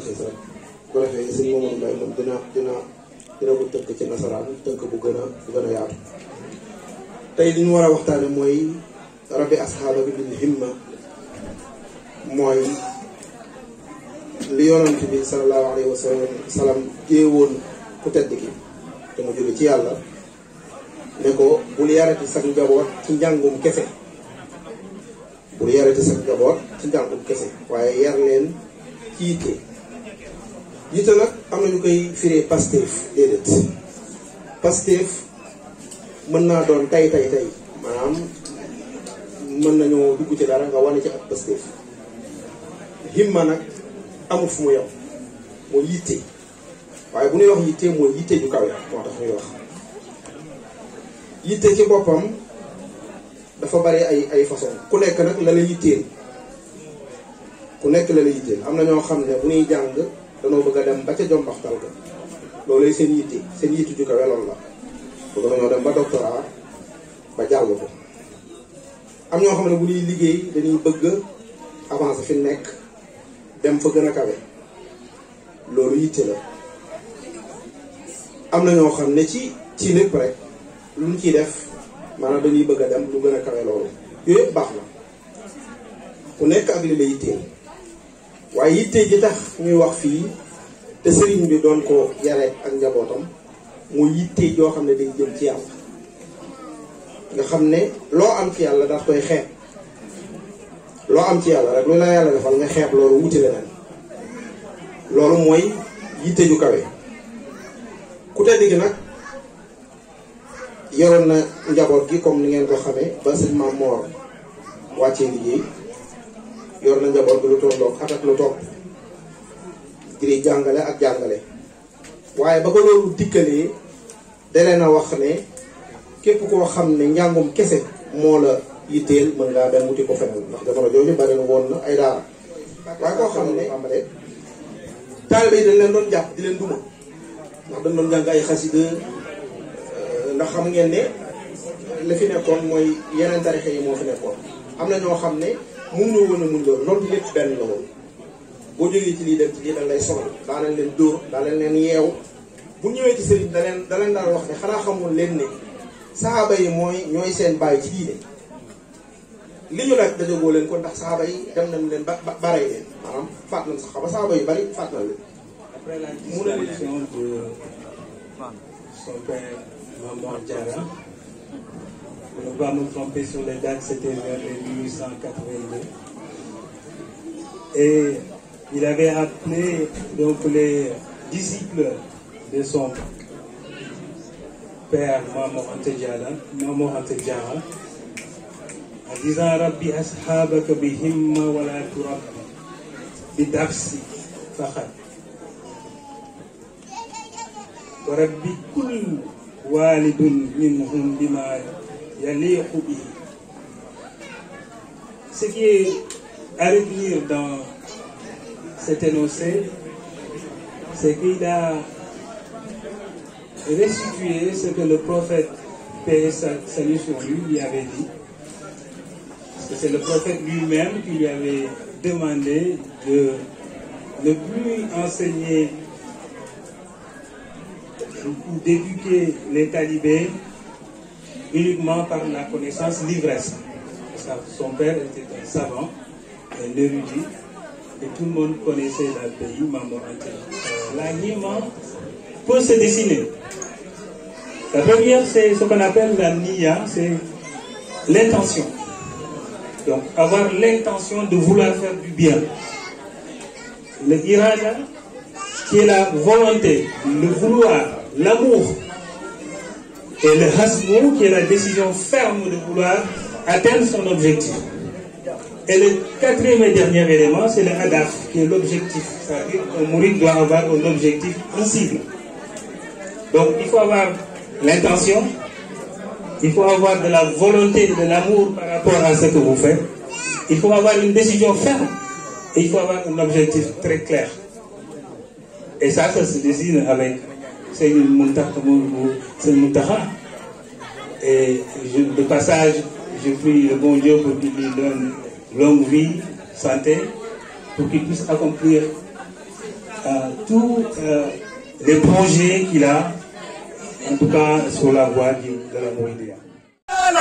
دمي دمي دمي دمي دمي دمي دمي دمي دمي dinaa dina ko tënk ci nasaraan tënk bu gën a bu gën a yaatu tey li ñu war a waxtaane mooy rabbi asxaaba bi bil himma mooy li yonent bi sallallahu alayhi wa sallam jéewoon ku tedd ki te mu jóge ci yàlla ne ko bul yarati sa njaboot ci njàngum kese bul yarati sa njaboot ci njàngum kese waaye yar leen ci yitte jiite nag am na ñu koy firee Pastef déedéet Pastef mën naa doon tay tay tay maanaam mën nañoo dugg ci dara nga wane ci ak Pastef himma nag amul fu mu yem mooy yitte waaye bu ñuy wax yitte mooy yitte ju kawe moo tax ñuy wax yitte ci boppam dafa bari ay ay façon ku nekk nag la la yitteel ku nekk la la yitteel am na ñoo xam ne bu ñuy jàng danoo bëgg a dem ba ca jombaxtal ko loolay seen yitti seen yitti ju loolu la bëgg nañoo ba doctorat ko am ñoo xam ne bu liggéey dañuy bëgg avancer fi nekk dem gën a kawe loolu yitte la am na ñoo xam ne ci ci lépp ciy def maanaam dañuy bëgg gën a yëpp baax na ku nekk ak li la yitteel waaye yitte ji tax ñuy wax fii te sëriñ bi doon ko yare ak njabootam mooy yitte yoo xam ne day jëm ci yàlla nga xam ne loo am ci yàlla daf koy xeeb loo am ci rek lu la yàlla defal nga xeeb loolu loolu mooy yitte ju kawe ku tedd gi nag yoroon na njaboot gi comme ni ngeen ko xamee ba sëñ Maam Moor wàccee liggéey yor na njaboot bi lu tolloog xat ak lu jàngale ak jàngale waaye ba ko wax ne képp koo xam ne njàngum kese moo la yitteel mën ngaa dem wuti ko feneen ndax jamono bari na woon na ay daara waaye koo xam ne amale taalibe yi dañ leen doon jàpp di leen duma ndax dañ doon jàng ay xasida euh, ndax xam ngeen ne li fi nekkoon mooy yeneen tarixe yi moo fi nekkoon am na ñoo xam ne mënoo woon a muñ loolu loolu lépp benn la woon boo jógee ci lii lay sonal daa leen leen dóor daa leen leen yeew bu ñëwee ci sëriñ da leen daal wax ne xanaa xamul leen ne saaba yi mooy ñooy seen bàyyi ci diine li ñu nag dajogoo leen ko ndax saxaaba yi dem nañ leen ba barey leen maanaam faat nañ saxaaba saxaaba yu bari faat nañ leen. mu ne On ne pas me tromper sur les dates, c'était vers les 1882. Et il avait appelé donc les disciples de son père Maman Antejala, Maman Antejala, en disant Rabbi ashabaka bihimma wa la turabbi bidafsi fakhat rabbi kul walidun minhum bima ce qui est à retenir dans cet énoncé, c'est qu'il a restitué ce que le prophète, paix salut sur lui, lui avait dit. C'est le prophète lui-même qui lui avait demandé de ne plus enseigner ou d'éduquer les talibés uniquement par la connaissance l'ivresse. Son père était un savant, un érudit, et tout le monde connaissait le pays, euh, La peut se dessiner. La première, c'est ce qu'on appelle la niya, c'est l'intention. Donc, avoir l'intention de vouloir faire du bien. Le irada, qui est la volonté, le vouloir, l'amour, et le hasbou qui est la décision ferme de vouloir atteindre son objectif. Et le quatrième et dernier élément, c'est le hadaf, qui est l'objectif. C'est-à-dire doit avoir un objectif, visible. Donc il faut avoir l'intention, il faut avoir de la volonté, de l'amour par rapport à ce que vous faites. Il faut avoir une décision ferme et il faut avoir un objectif très clair. Et ça, ça se dessine avec une Mountakha Seigneur et de passage je prie le bon Dieu pour qu'il lui donne longue vie santé pour qu'il puisse accomplir euh, tous euh, les projets qu'il a en tout cas sur la voie de, la la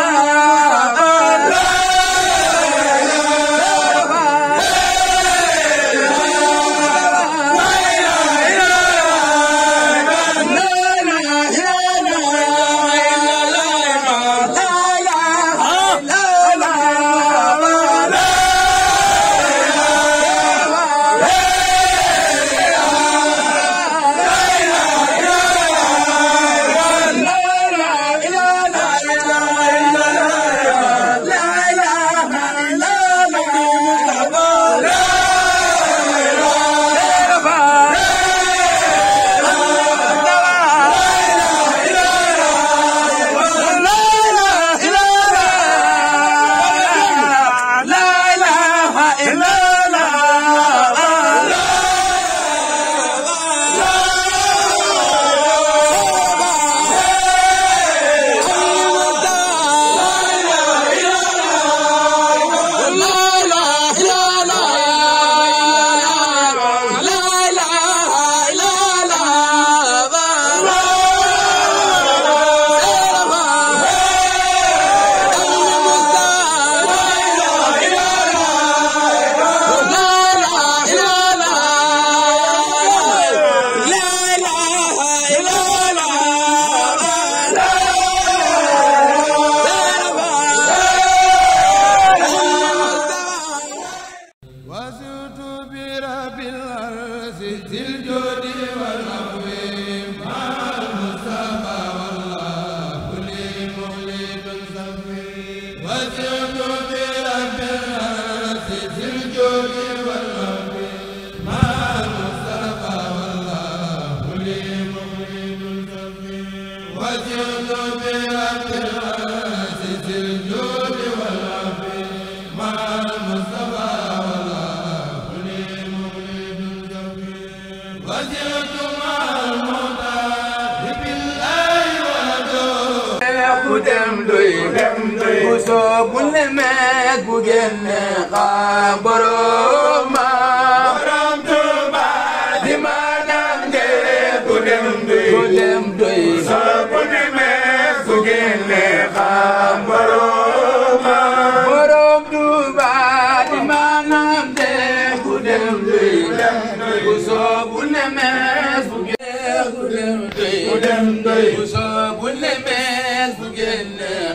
réer doy mu dem doy bu soobu lemees bu génn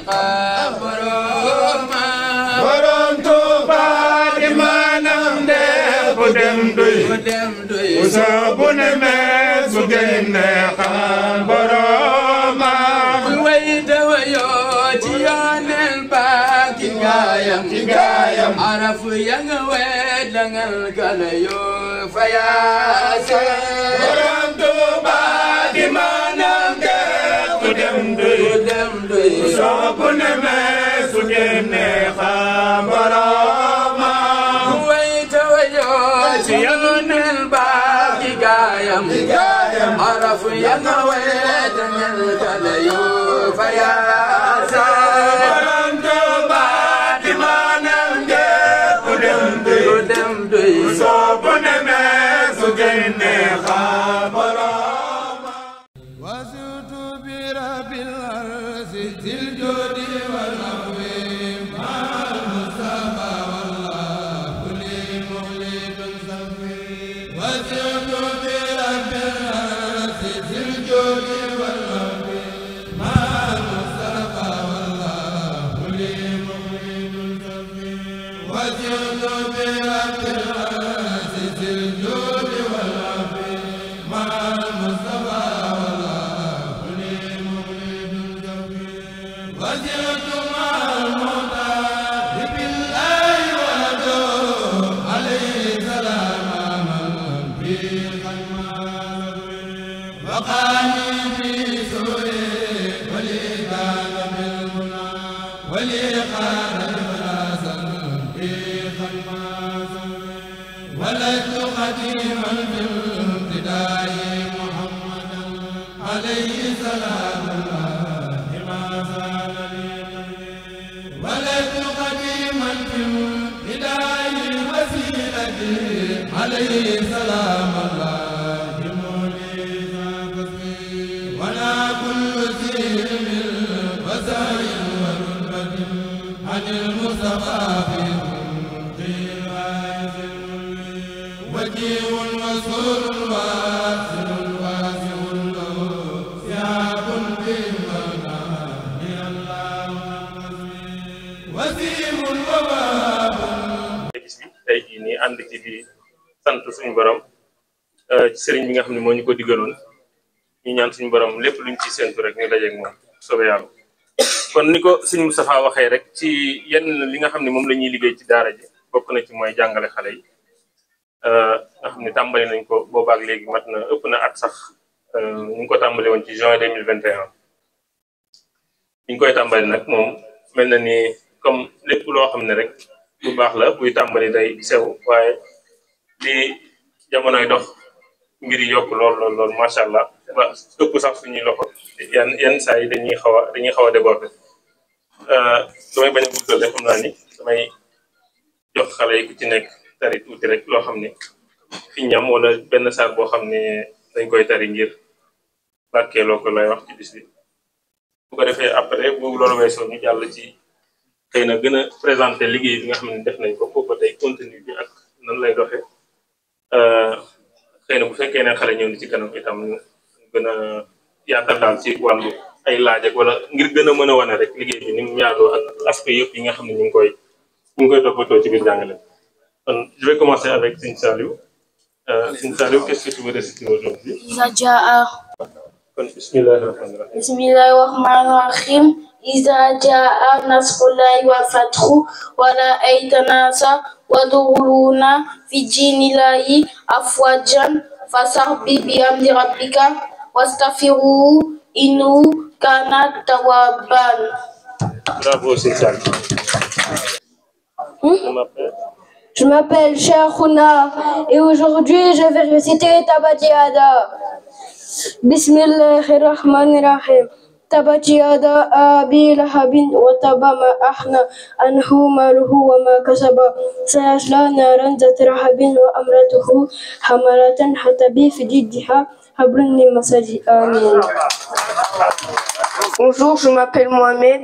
xaar borooma borom Tuuba di maanam de bu dem doy bu dem doy bu soobu lemees bu génn xaar borooma bu way dawa yoo ci yoonel ba ki gaayam ki gaayam araf ya nga wet dangal gala yoo fa yaase स्वप्न में सुखे عليه سلام الله sant suñu borom euh, ci sëriñ bi nga xam ne moo ñu ko digaloon ñu ñaan suñu borom lépp luñ ci séntu rek ñu dajeeg moom soobee yàlla kon ni ko suñ Moustapha waxee rek ci yenn li nga xam ne moom la ñuy liggéey ci daara ji bokk na ci mooy jàngale xale yi euh, nga xam ne nañ ko boobaak léegi mat na ëpp na at sax euh, ñu ko tàmbali woon ci juin 2021 ñu koy tàmbali nag moom mel na ni comme lépp loo xam ne rek bu baax la buy tàmbali day sew waaye di jamonoy dox ngir yokk lool lool lool macha allah ba ëpp sax suñuy loxo yan yan saa yi dañuy xaw a dañuy xaw a déborder euh, damay bañ a guddal xam naa ni damay jox xale yi ku ci nekk tari tuuti rek loo xam ne fi ñam wala benn saar boo xam ne dañ koy tari ngir barkeeloo ko lay wax ci bis bi bu ko defee après bu loolu weesoo ñu jàll ci xëy na gën liggéey bi nga xam def nañ ko boobu ba contenu bi ak nan lay doxee Euh, xëy na bu fekkee ne xale ñëw ci kanam itam gën a yaatal ci wàllu ay laaj wala ngir gën a mën a wane rek liggéey bi ni mu yaatoo ak aspect yëpp yi nga xam ne ñu ngi koy ñu ngi koy toppatoo ci biir jàngale kon je vais commencer avec Sëñ Saliou euh, Sëñ qu'est-ce que tu veux réciter aujourd'hui Najaa kon bismillahi rahmaani rahim Izaja, wa Fatrou, Wala Eidanasa, waduruna Fiji Nilahi, Afwadjan, Fassar Bibi Amdirabika, wastafiru Inou, Kanak Tawaban. Bravo, c'est hmm? Je m'appelle. Je m'appelle et aujourd'hui je vais reciter Tabadiada. Bismillahir Rahmanir Rahim. تبت يدا أبي لهب وتب ما أحنى أنه ماله وما كسب سيصلى نارا ذات رهب وأمرته حملة حتب في جدها حبل من مسجد آمين Bonjour, je m'appelle Mohamed.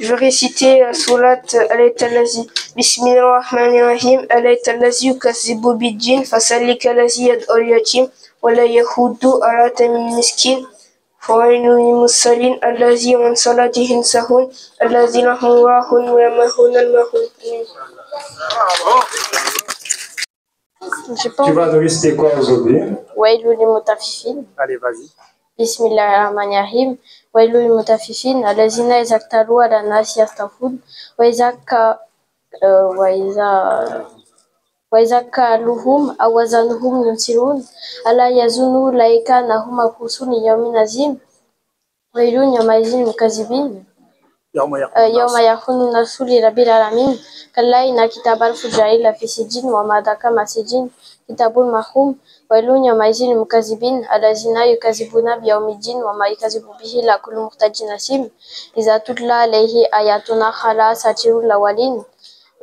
Je vais réciter la sourate Al-Talazi. Bismillahirrahmanirrahim. Al-Talazi yukazibu bidjin fasalika lazi yad'ul yatim wa la yahudu ala tamim miskin فويل للمرسلين الذين من صلاتهم سهون الذين هم راهون ويمهون المهون ويل vas بسم الله الرحمن الرحيم ويل للمتففين الذين إذا على الناس يستفون وإذا ك... آه، وإذا وإذا كالوهم أو وزنهم ينسلون ألا يظن أولئك أنهم مبعوثون ليوم عظيم ويل يومئذ للمكذبين يوم يكون آه، الناس لرب العالمين كلا إن كتاب الفجار لفي سجين وما أدراك ما سجين كتاب مرحوم ويل يومئذ للمكذبين الذين يكذبون بيوم الدين وما يكذب به إلا كل محتج نسيم إذا تتلى عليه آياتنا خلا ساتر الأولين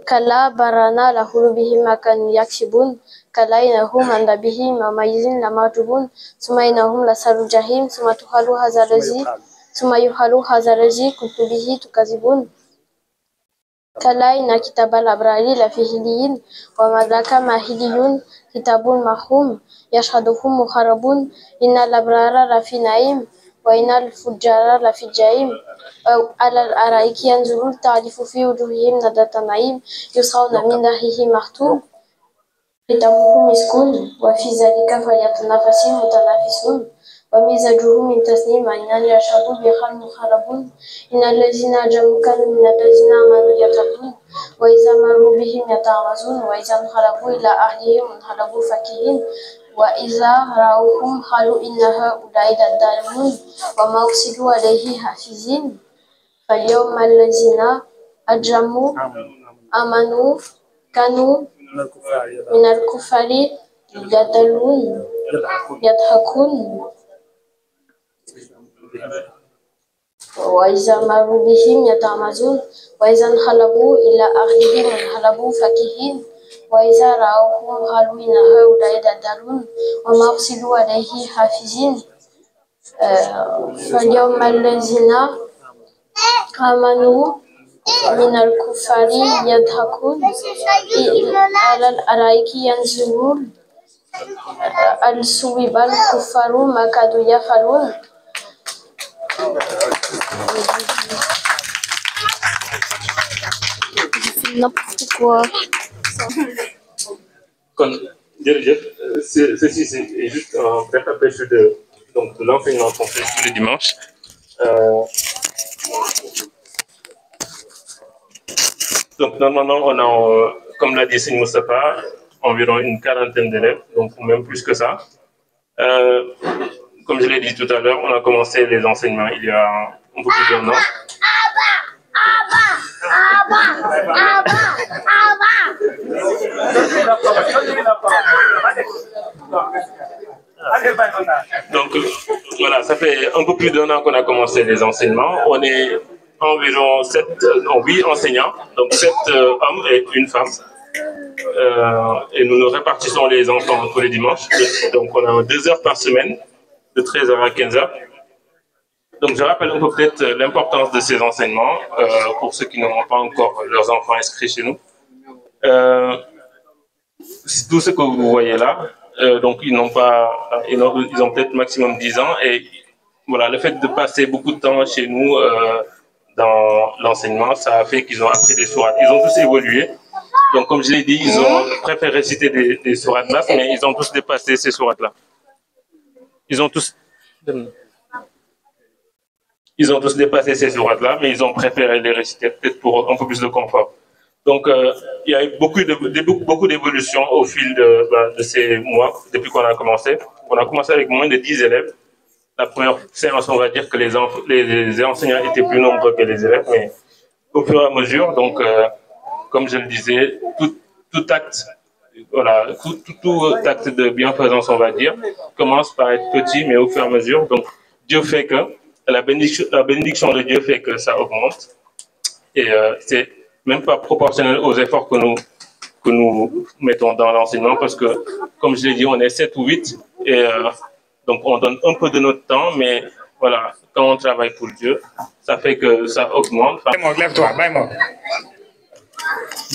كلا برنا لقلوبهم ما كان يكسبون كلا إنهم ما ربهم لما تبون ثم إنهم لصالو جهيم ثم تحال هذا ثم يحال هذا الذي به تكذبون كلا إن كتاب الأبرار لفي هليين وما أدراك ما هليون كتاب مرحوم يشهدهم مخربون إن الأبرار لفي نعيم وإن الفجار لفي أو على الأرائك ينظرون تعرف في وجوههم ندى النعيم يسقون من داره مختوم ختامه مسكون وفي ذلك فليتنافس المتنافسون ومزاجه من تسنيم عينان يشربوا بخل مخربون إن الذين عجبوا كانوا من الذين آمنوا يتقون وإذا مروا بهم يتغاظون وإذا انخلقوا إلى أهلهم انخلقوا فكهين وإذا رأوهم قالوا إن هؤلاء للظالمون وما أرسلوا عليه حافظين فاليوم الذين أجرموا آمنوا كانوا من الكفار يضحكون يضحكون وإذا مروا بهم يتعمزون وإذا انخلبوا إلى أهلهم انخلبوا فكهين وإذا رأوهم قالوا إن هؤلاء لضالون وما أرسلوا عليه حافظين فاليوم آه، الذين آمنوا من الكفار يضحكون على الأرائك ينزلون آه، السويب الكفار ما كانوا يفعلون n'importe quoi. Euh, ceci c'est juste un bref aperçu de donc de l'enseignement qu'on fait tous les dimanches. Euh, donc normalement on a euh, comme l'a dit Signe Moustapha environ une quarantaine d'élèves donc même plus que ça. Euh, comme je l'ai dit tout à l'heure, on a commencé les enseignements il y a un peu plus d'un an. Donc voilà, ça fait un peu plus d'un an qu'on a commencé les enseignements. On est environ 7, euh, non, 8 enseignants, donc sept euh, hommes et une femme. Euh, et nous nous répartissons les enfants tous les dimanches. Donc on a deux heures par semaine de 13 à 15 heures. Donc, je rappelle un peu peut-être l'importance de ces enseignements euh, pour ceux qui n'auront pas encore leurs enfants inscrits chez nous. Euh, tout ce que vous voyez là, euh, donc ils n'ont pas, euh, ils ont, peut-être maximum 10 ans et voilà, le fait de passer beaucoup de temps chez nous dans l'enseignement, ça a fait qu'ils ont appris des sourates. Ils ont tous évolué. Donc, comme je l'ai dit, ils ont préféré citer des, des sourates là, mais ils ont tous dépassé ces sourates là. Ils ont tous, ils ont tous dépassé ces droites là mais ils ont préféré les réciter peut-être pour un peu plus de confort. Donc, euh, il y a eu beaucoup de, beaucoup d'évolutions au fil de, bah, de, ces mois depuis qu'on a commencé. On a commencé avec moins de 10 élèves. La première séance, on va dire que les, enseignants étaient plus nombreux que les élèves, mais au fur et à mesure, donc, euh, comme je le disais, tout acte voilà, tout, tout, acte de bienfaisance, on va dire, commence par être petit, mais au fur et à mesure. Donc, Dieu fait que, la bénédiction, bénédiction de Dieu fait que ça augmente. Et euh, c'est même pas proportionnel aux efforts que nous, que nous mettons dans l'enseignement, parce que, comme je l'ai dit, on est 7 ou 8, et euh, donc on donne un peu de notre temps, mais voilà, quand on travaille pour Dieu, ça fait que ça augmente. bien toi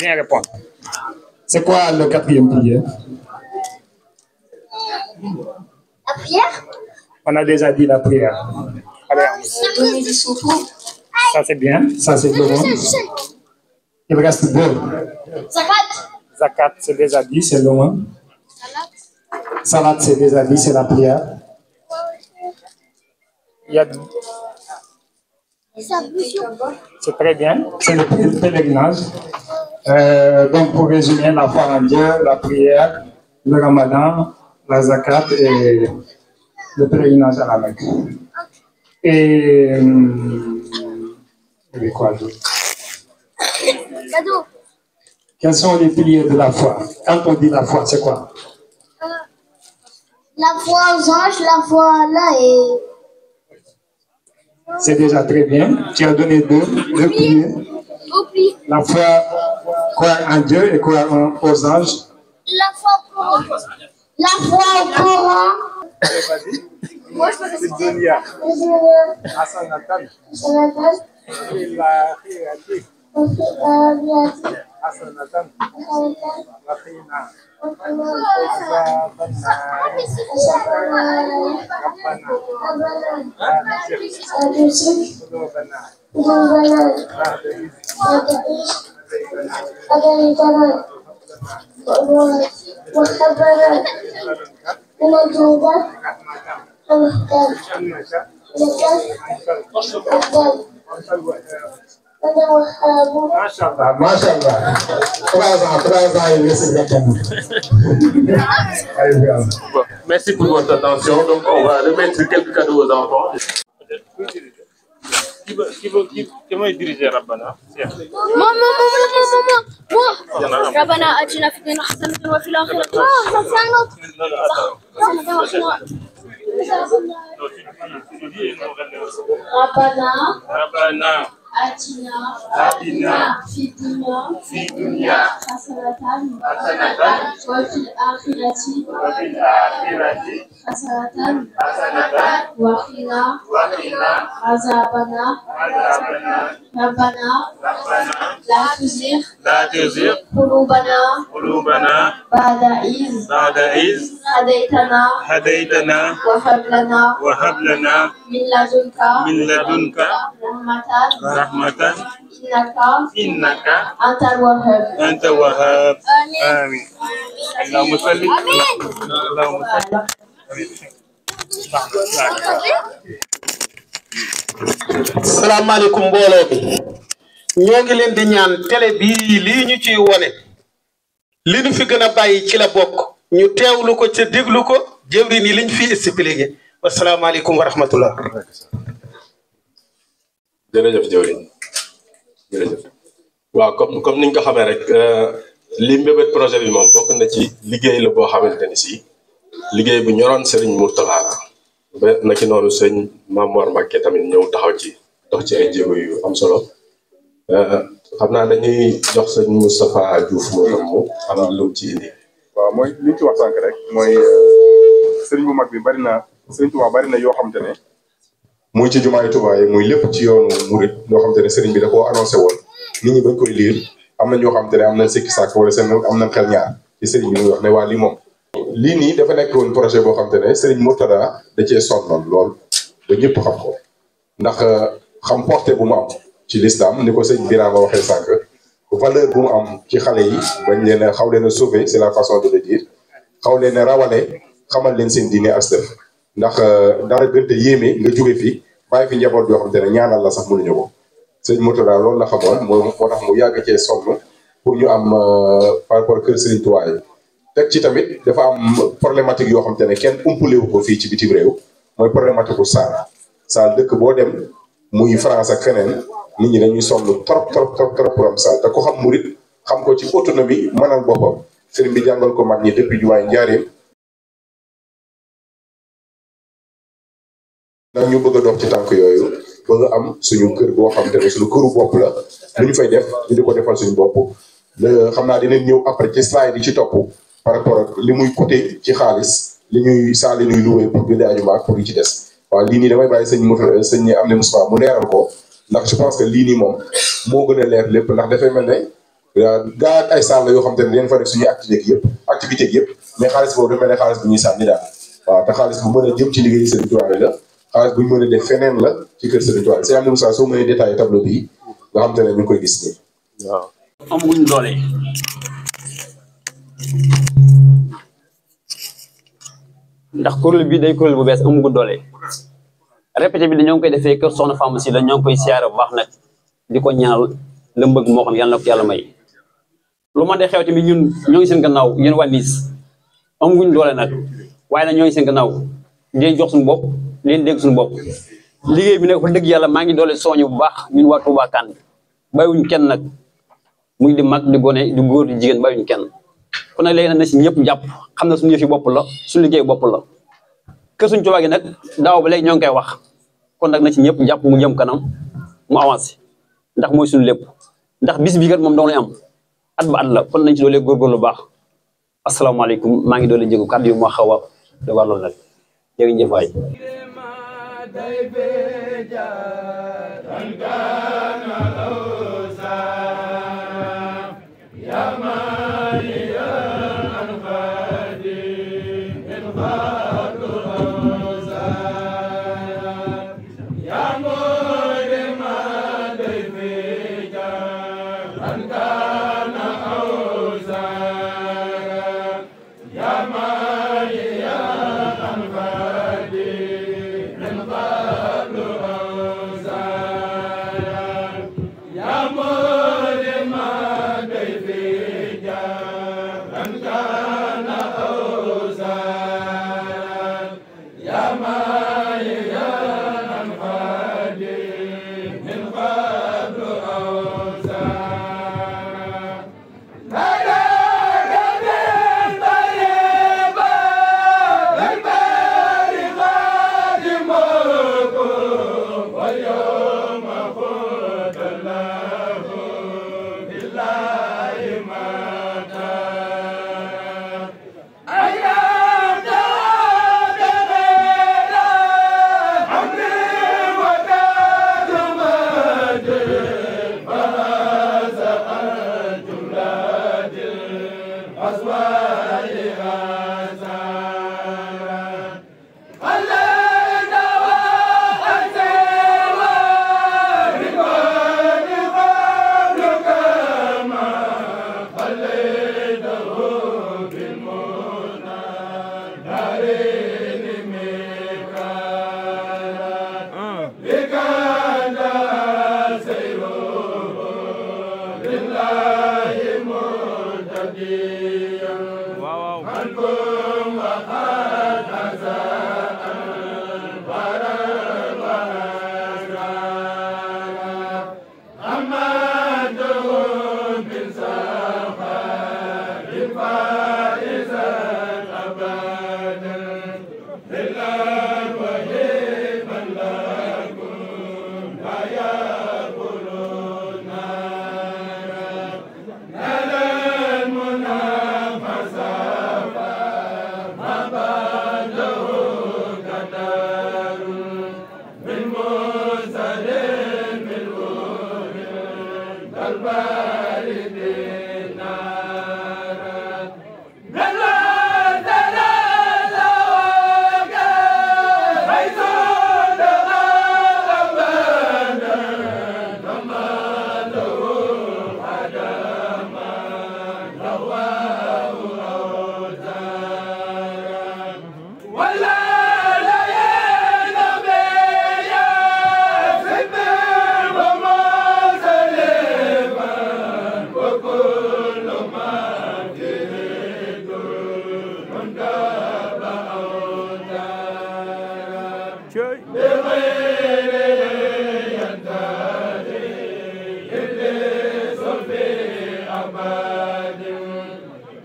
Viens c'est quoi le quatrième prière La prière On a déjà dit la prière. Allez, Ça c'est bien, ça c'est bon. Il reste deux. Zakat. Zakat, c'est déjà dit, c'est loin. Hein? Salat, Salat c'est déjà dit, c'est la prière. Il c'est très bien. C'est le pèlerinage. Euh, donc, pour résumer, la foi en Dieu, la prière, le ramadan, la zakat et le pèlerinage à la Mecque. Et. Euh, quoi d'autre Quels sont les piliers de la foi Quand on dit la foi, c'est quoi euh, La foi aux anges, la foi à et. C'est déjà très bien. Tu as donné deux, deux prières. La foi, croire en Dieu et croire aux anges. La foi pour... La foi au Coran. Moi, je peux C'est Donia. Hassan Nathan. Hassan Nathan. حسنة لقينا عذاب النار ربنا لا تزغ قلوبنا بعد إذ هديتنا وهبنا من التوبة رحمة لك أفضل merci pour votre attention. Donc, on va remettre quelques cadeaux aux enfants. Qui veut, qui veut, qui, comment maman, maman, Rabbana Moi, moi, moi, moi, آتنا في الدنيا حسنة وفي الآخرة حسنة وقنا عذابنا ربنا لا تزغ قلوبنا بعد إذ هديتنا وهب لنا من لدنك من لدنك رحمة rahmatan innaka antal wahhab ñoo ngi leen di ñaan télé bii lii ñu ci wone li ñu fi gën a bàyyi ci la bokk ñu teewlu ko ca déglu ko jëwri ni liñ fi expliqué wasalaamaaleykum wa rahmatullah jërëjëf jëwriñ jërëjëf waaw comme ni niñ ko xamee rek euh, li mbébét projet bi moom bokk na ci liggéey la boo xamante ni si liggéey bu ñoroon Serigne Mourtala ba naki noonu sëñ Mamor Mbacke tamit ñëw taxaw ci dox ci ay jéego yu am solo euh, naa dañuy jox sëñ mu Diouf moo tam mu ci indi. waaw mooy li ñu ci wax sànq rek mooy euh, sëriñ bu mag bi bari na sëriñ Tuubaa bari na yoo xamante ne. muy ci jumaayu Tuubaa yi muy lépp ci yoonu murit ñoo xam tane serigne bi da ko annoncer woon nit ñi bañ koy lire am na ñoo xam tane ne am nañ sikki sàkk wala sen am na xel ñaar ci serigne bi muy wax ne wa li mom li ni dafa nekk woon projet bo xam tane serigne Murtada da ci sonnon lool ba ñëpp xam ko ndax xam porté bu mu am ci l'islam ni ko sëriñ Birama waxee sànq valeur bu mu am ci xale yi bañ leen a xaw leen sauver c'est la façon de le dire xaw leen rawale xamal leen seen diine aslef ndax euh, dara gën te yéeme nga jóge fi bàyyi fi njaboot yoo xam te ne ñaanal la sax mënuñu ko sëñ Mourtada loolu la xamoon moo moo tax mu yàgg cee sonn pour ñu am euh, par rapport kër Serigne Touba yi ci tamit dafa am problématique yoo xam te ne kenn umpale wu ko fii ci bitim réew mooy problématique u saal saal dëkk boo dem muy France ak feneen nit ñi dañuy sonn trop trop trop trop pour am saal te ko xam murit xam ko ci autonomie mënal boppam sëriñ bi jàngal ko mag ñi depuis nag ñu bëgg a dox ci tànk yooyu bëgg a am suñu kër boo xam te ne suñu këru bopp la lu ñu fay def ñu di ko defal suñu bopp xam naa dinañ ñëw après ci slide yi ci topp par rapport ak li muy coûté ci xaalis li ñuy saa li ñuy loué pour bi aju lii nii damay bàyyi sëñ mu ñi am ne Moussa mu leeral ko ndax je lii nii moo gën a leer lépp ndax dafay mel ne gaa ay yoo xam te ne dañ fa def suñuy activité yëpp yëpp mais xaalis boobu dafay ne xaalis bu ñuy sànni daal waaw te xaalis bu mën a jëm ci liggéey seen tuwaay la a la ci kër Serigne Touba si Aliou Moussa soo mënee détaillé tableau bi nga xam te ne ñu koy gis nii doole. ndax kuréel bi day kuréel bu bees amaguñ doole. répété bi dañoo ngi koy defee kër Soxna Fama si la ñoo koy siyaare bu baax nag di ko ñaanal la mbëgg moo xam yàlla may. lu ma de xew tamit ñun ñoo ngi seen gannaaw yéen waa Nice amaguñ doole nag waaye na ñoo ngi seen gannaaw di jox suñu bopp. leen dégg suñu bopp liggéey bi nag wax dëgg yàlla maa ngi doole soñu bu baax ñun waa Touba bay bàyyiwuñ kenn nag muy di mag di gone di góor di jigéen bàyyiwuñ kenn kon nag léegi nag na si ñëpp jàpp xam na suñu yëf yi bopp la liggéey bopp la kër suñ Touba gi nag daaw ba léegi ñoo ngi koy wax kon nag na si ñëpp jàpp mu jëm kanam mu avancé ndax mooy suñu lépp ndax bis bi kat moom dong lay am at ba at la kon nañ ci doole góorgóorlu baax asalaamaaleykum maa ngi doole jégu kàddu yu ma xaw a da war loolu nag jërëjëf waay day be jaar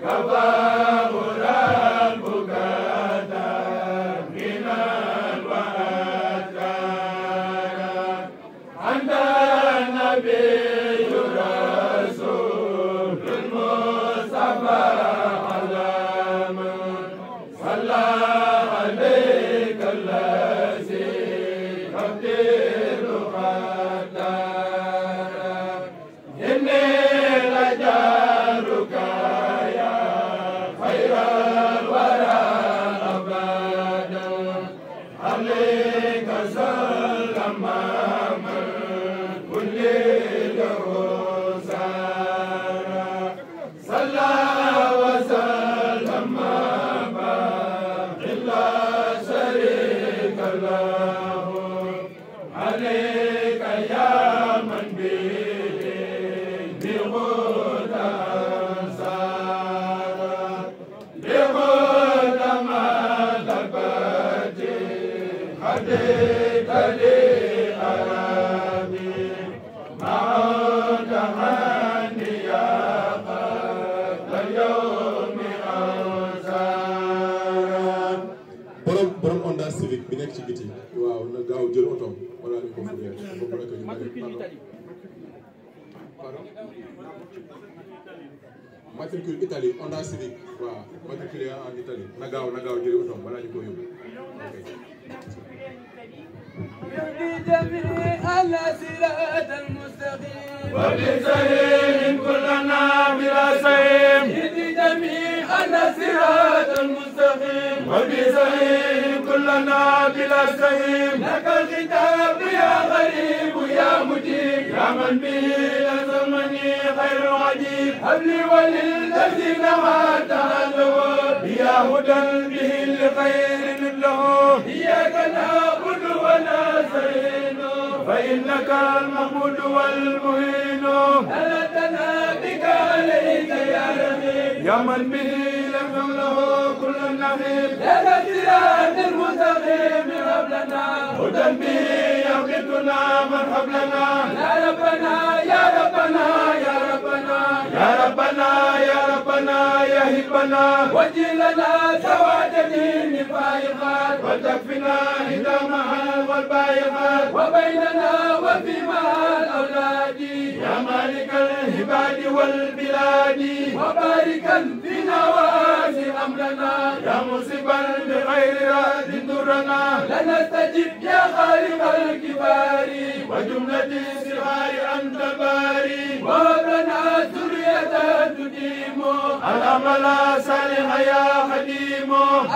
Goodbye. matricule Italie Honda Civic waaw matriculé en Italie na gaaw na gaaw jëli otoom balaa ñu ko yóbbu ok بالجميع على صراط المستقيم وبالسهيم كلنا بلا سهيم بالجميع على صراط المستقيم وبسهيم كلنا بلا سهيم لك الكتاب يا غريب يا مجيب يا من به الزمن خير عجيب هب لي وللذين ما يا هدى به لخير له إياك نعبد ونستعين فإنك المحمود والمهين ألتنا بك عليك يا رفيق يا من به لم له كل النعيم يا نسيان المستقيم قبلنا هدى به سيدنا من قبلنا يا ربنا يا ربنا يا ربنا ربنا يا ربنا يا هبنا وجلنا سواد دين فائقات وتكفنا هدامها والبائقات وبيننا وفيما الأولاد يا مالك الهباد والبلاد وباركا فينا وآسي أمرنا يا مصيبا بغير راد درنا لنستجب يا خالق الكبار وجملة الصغار أنت باري وهب سري تديم الأمل صالح يا خديم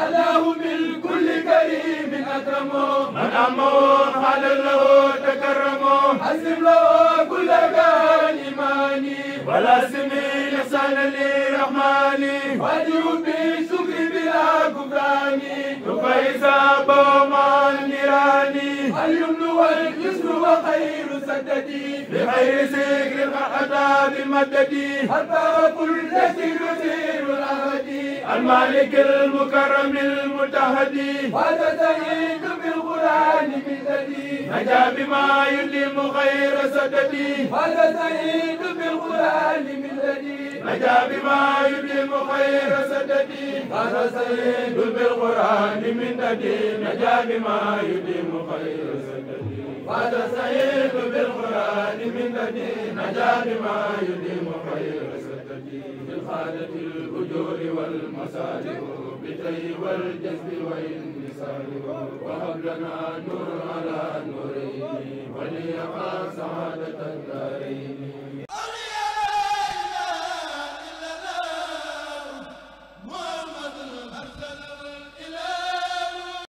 الله بالكل كريم أكرم من أمون حال له تكرم عزم له كل كان إيماني ولا سمي إحسان لرحماني وأدعو بالشكر بلا كفراني فإذا بام عن نيراني اليمن والجسر وخير سددي بخير سكر الأداء بمددي أتى كل شيء يثير الأهدي المالك المكرم المتهدي هذا سيد بالقرآن بزدي نجا بما يلم خير سددي هذا سيد بالقرآن بزدي نجا بما يلم خير سددي هذا سيد بالقرآن من مدتي نجا بما يديم خير سكتي بعد سعيد بالقران مدتي نجا بما يديم خير سكتي بالخادة الاجور والمسالك بتي والجذب والنسال وهب لنا نور على نوري وليقى سعادة الدارين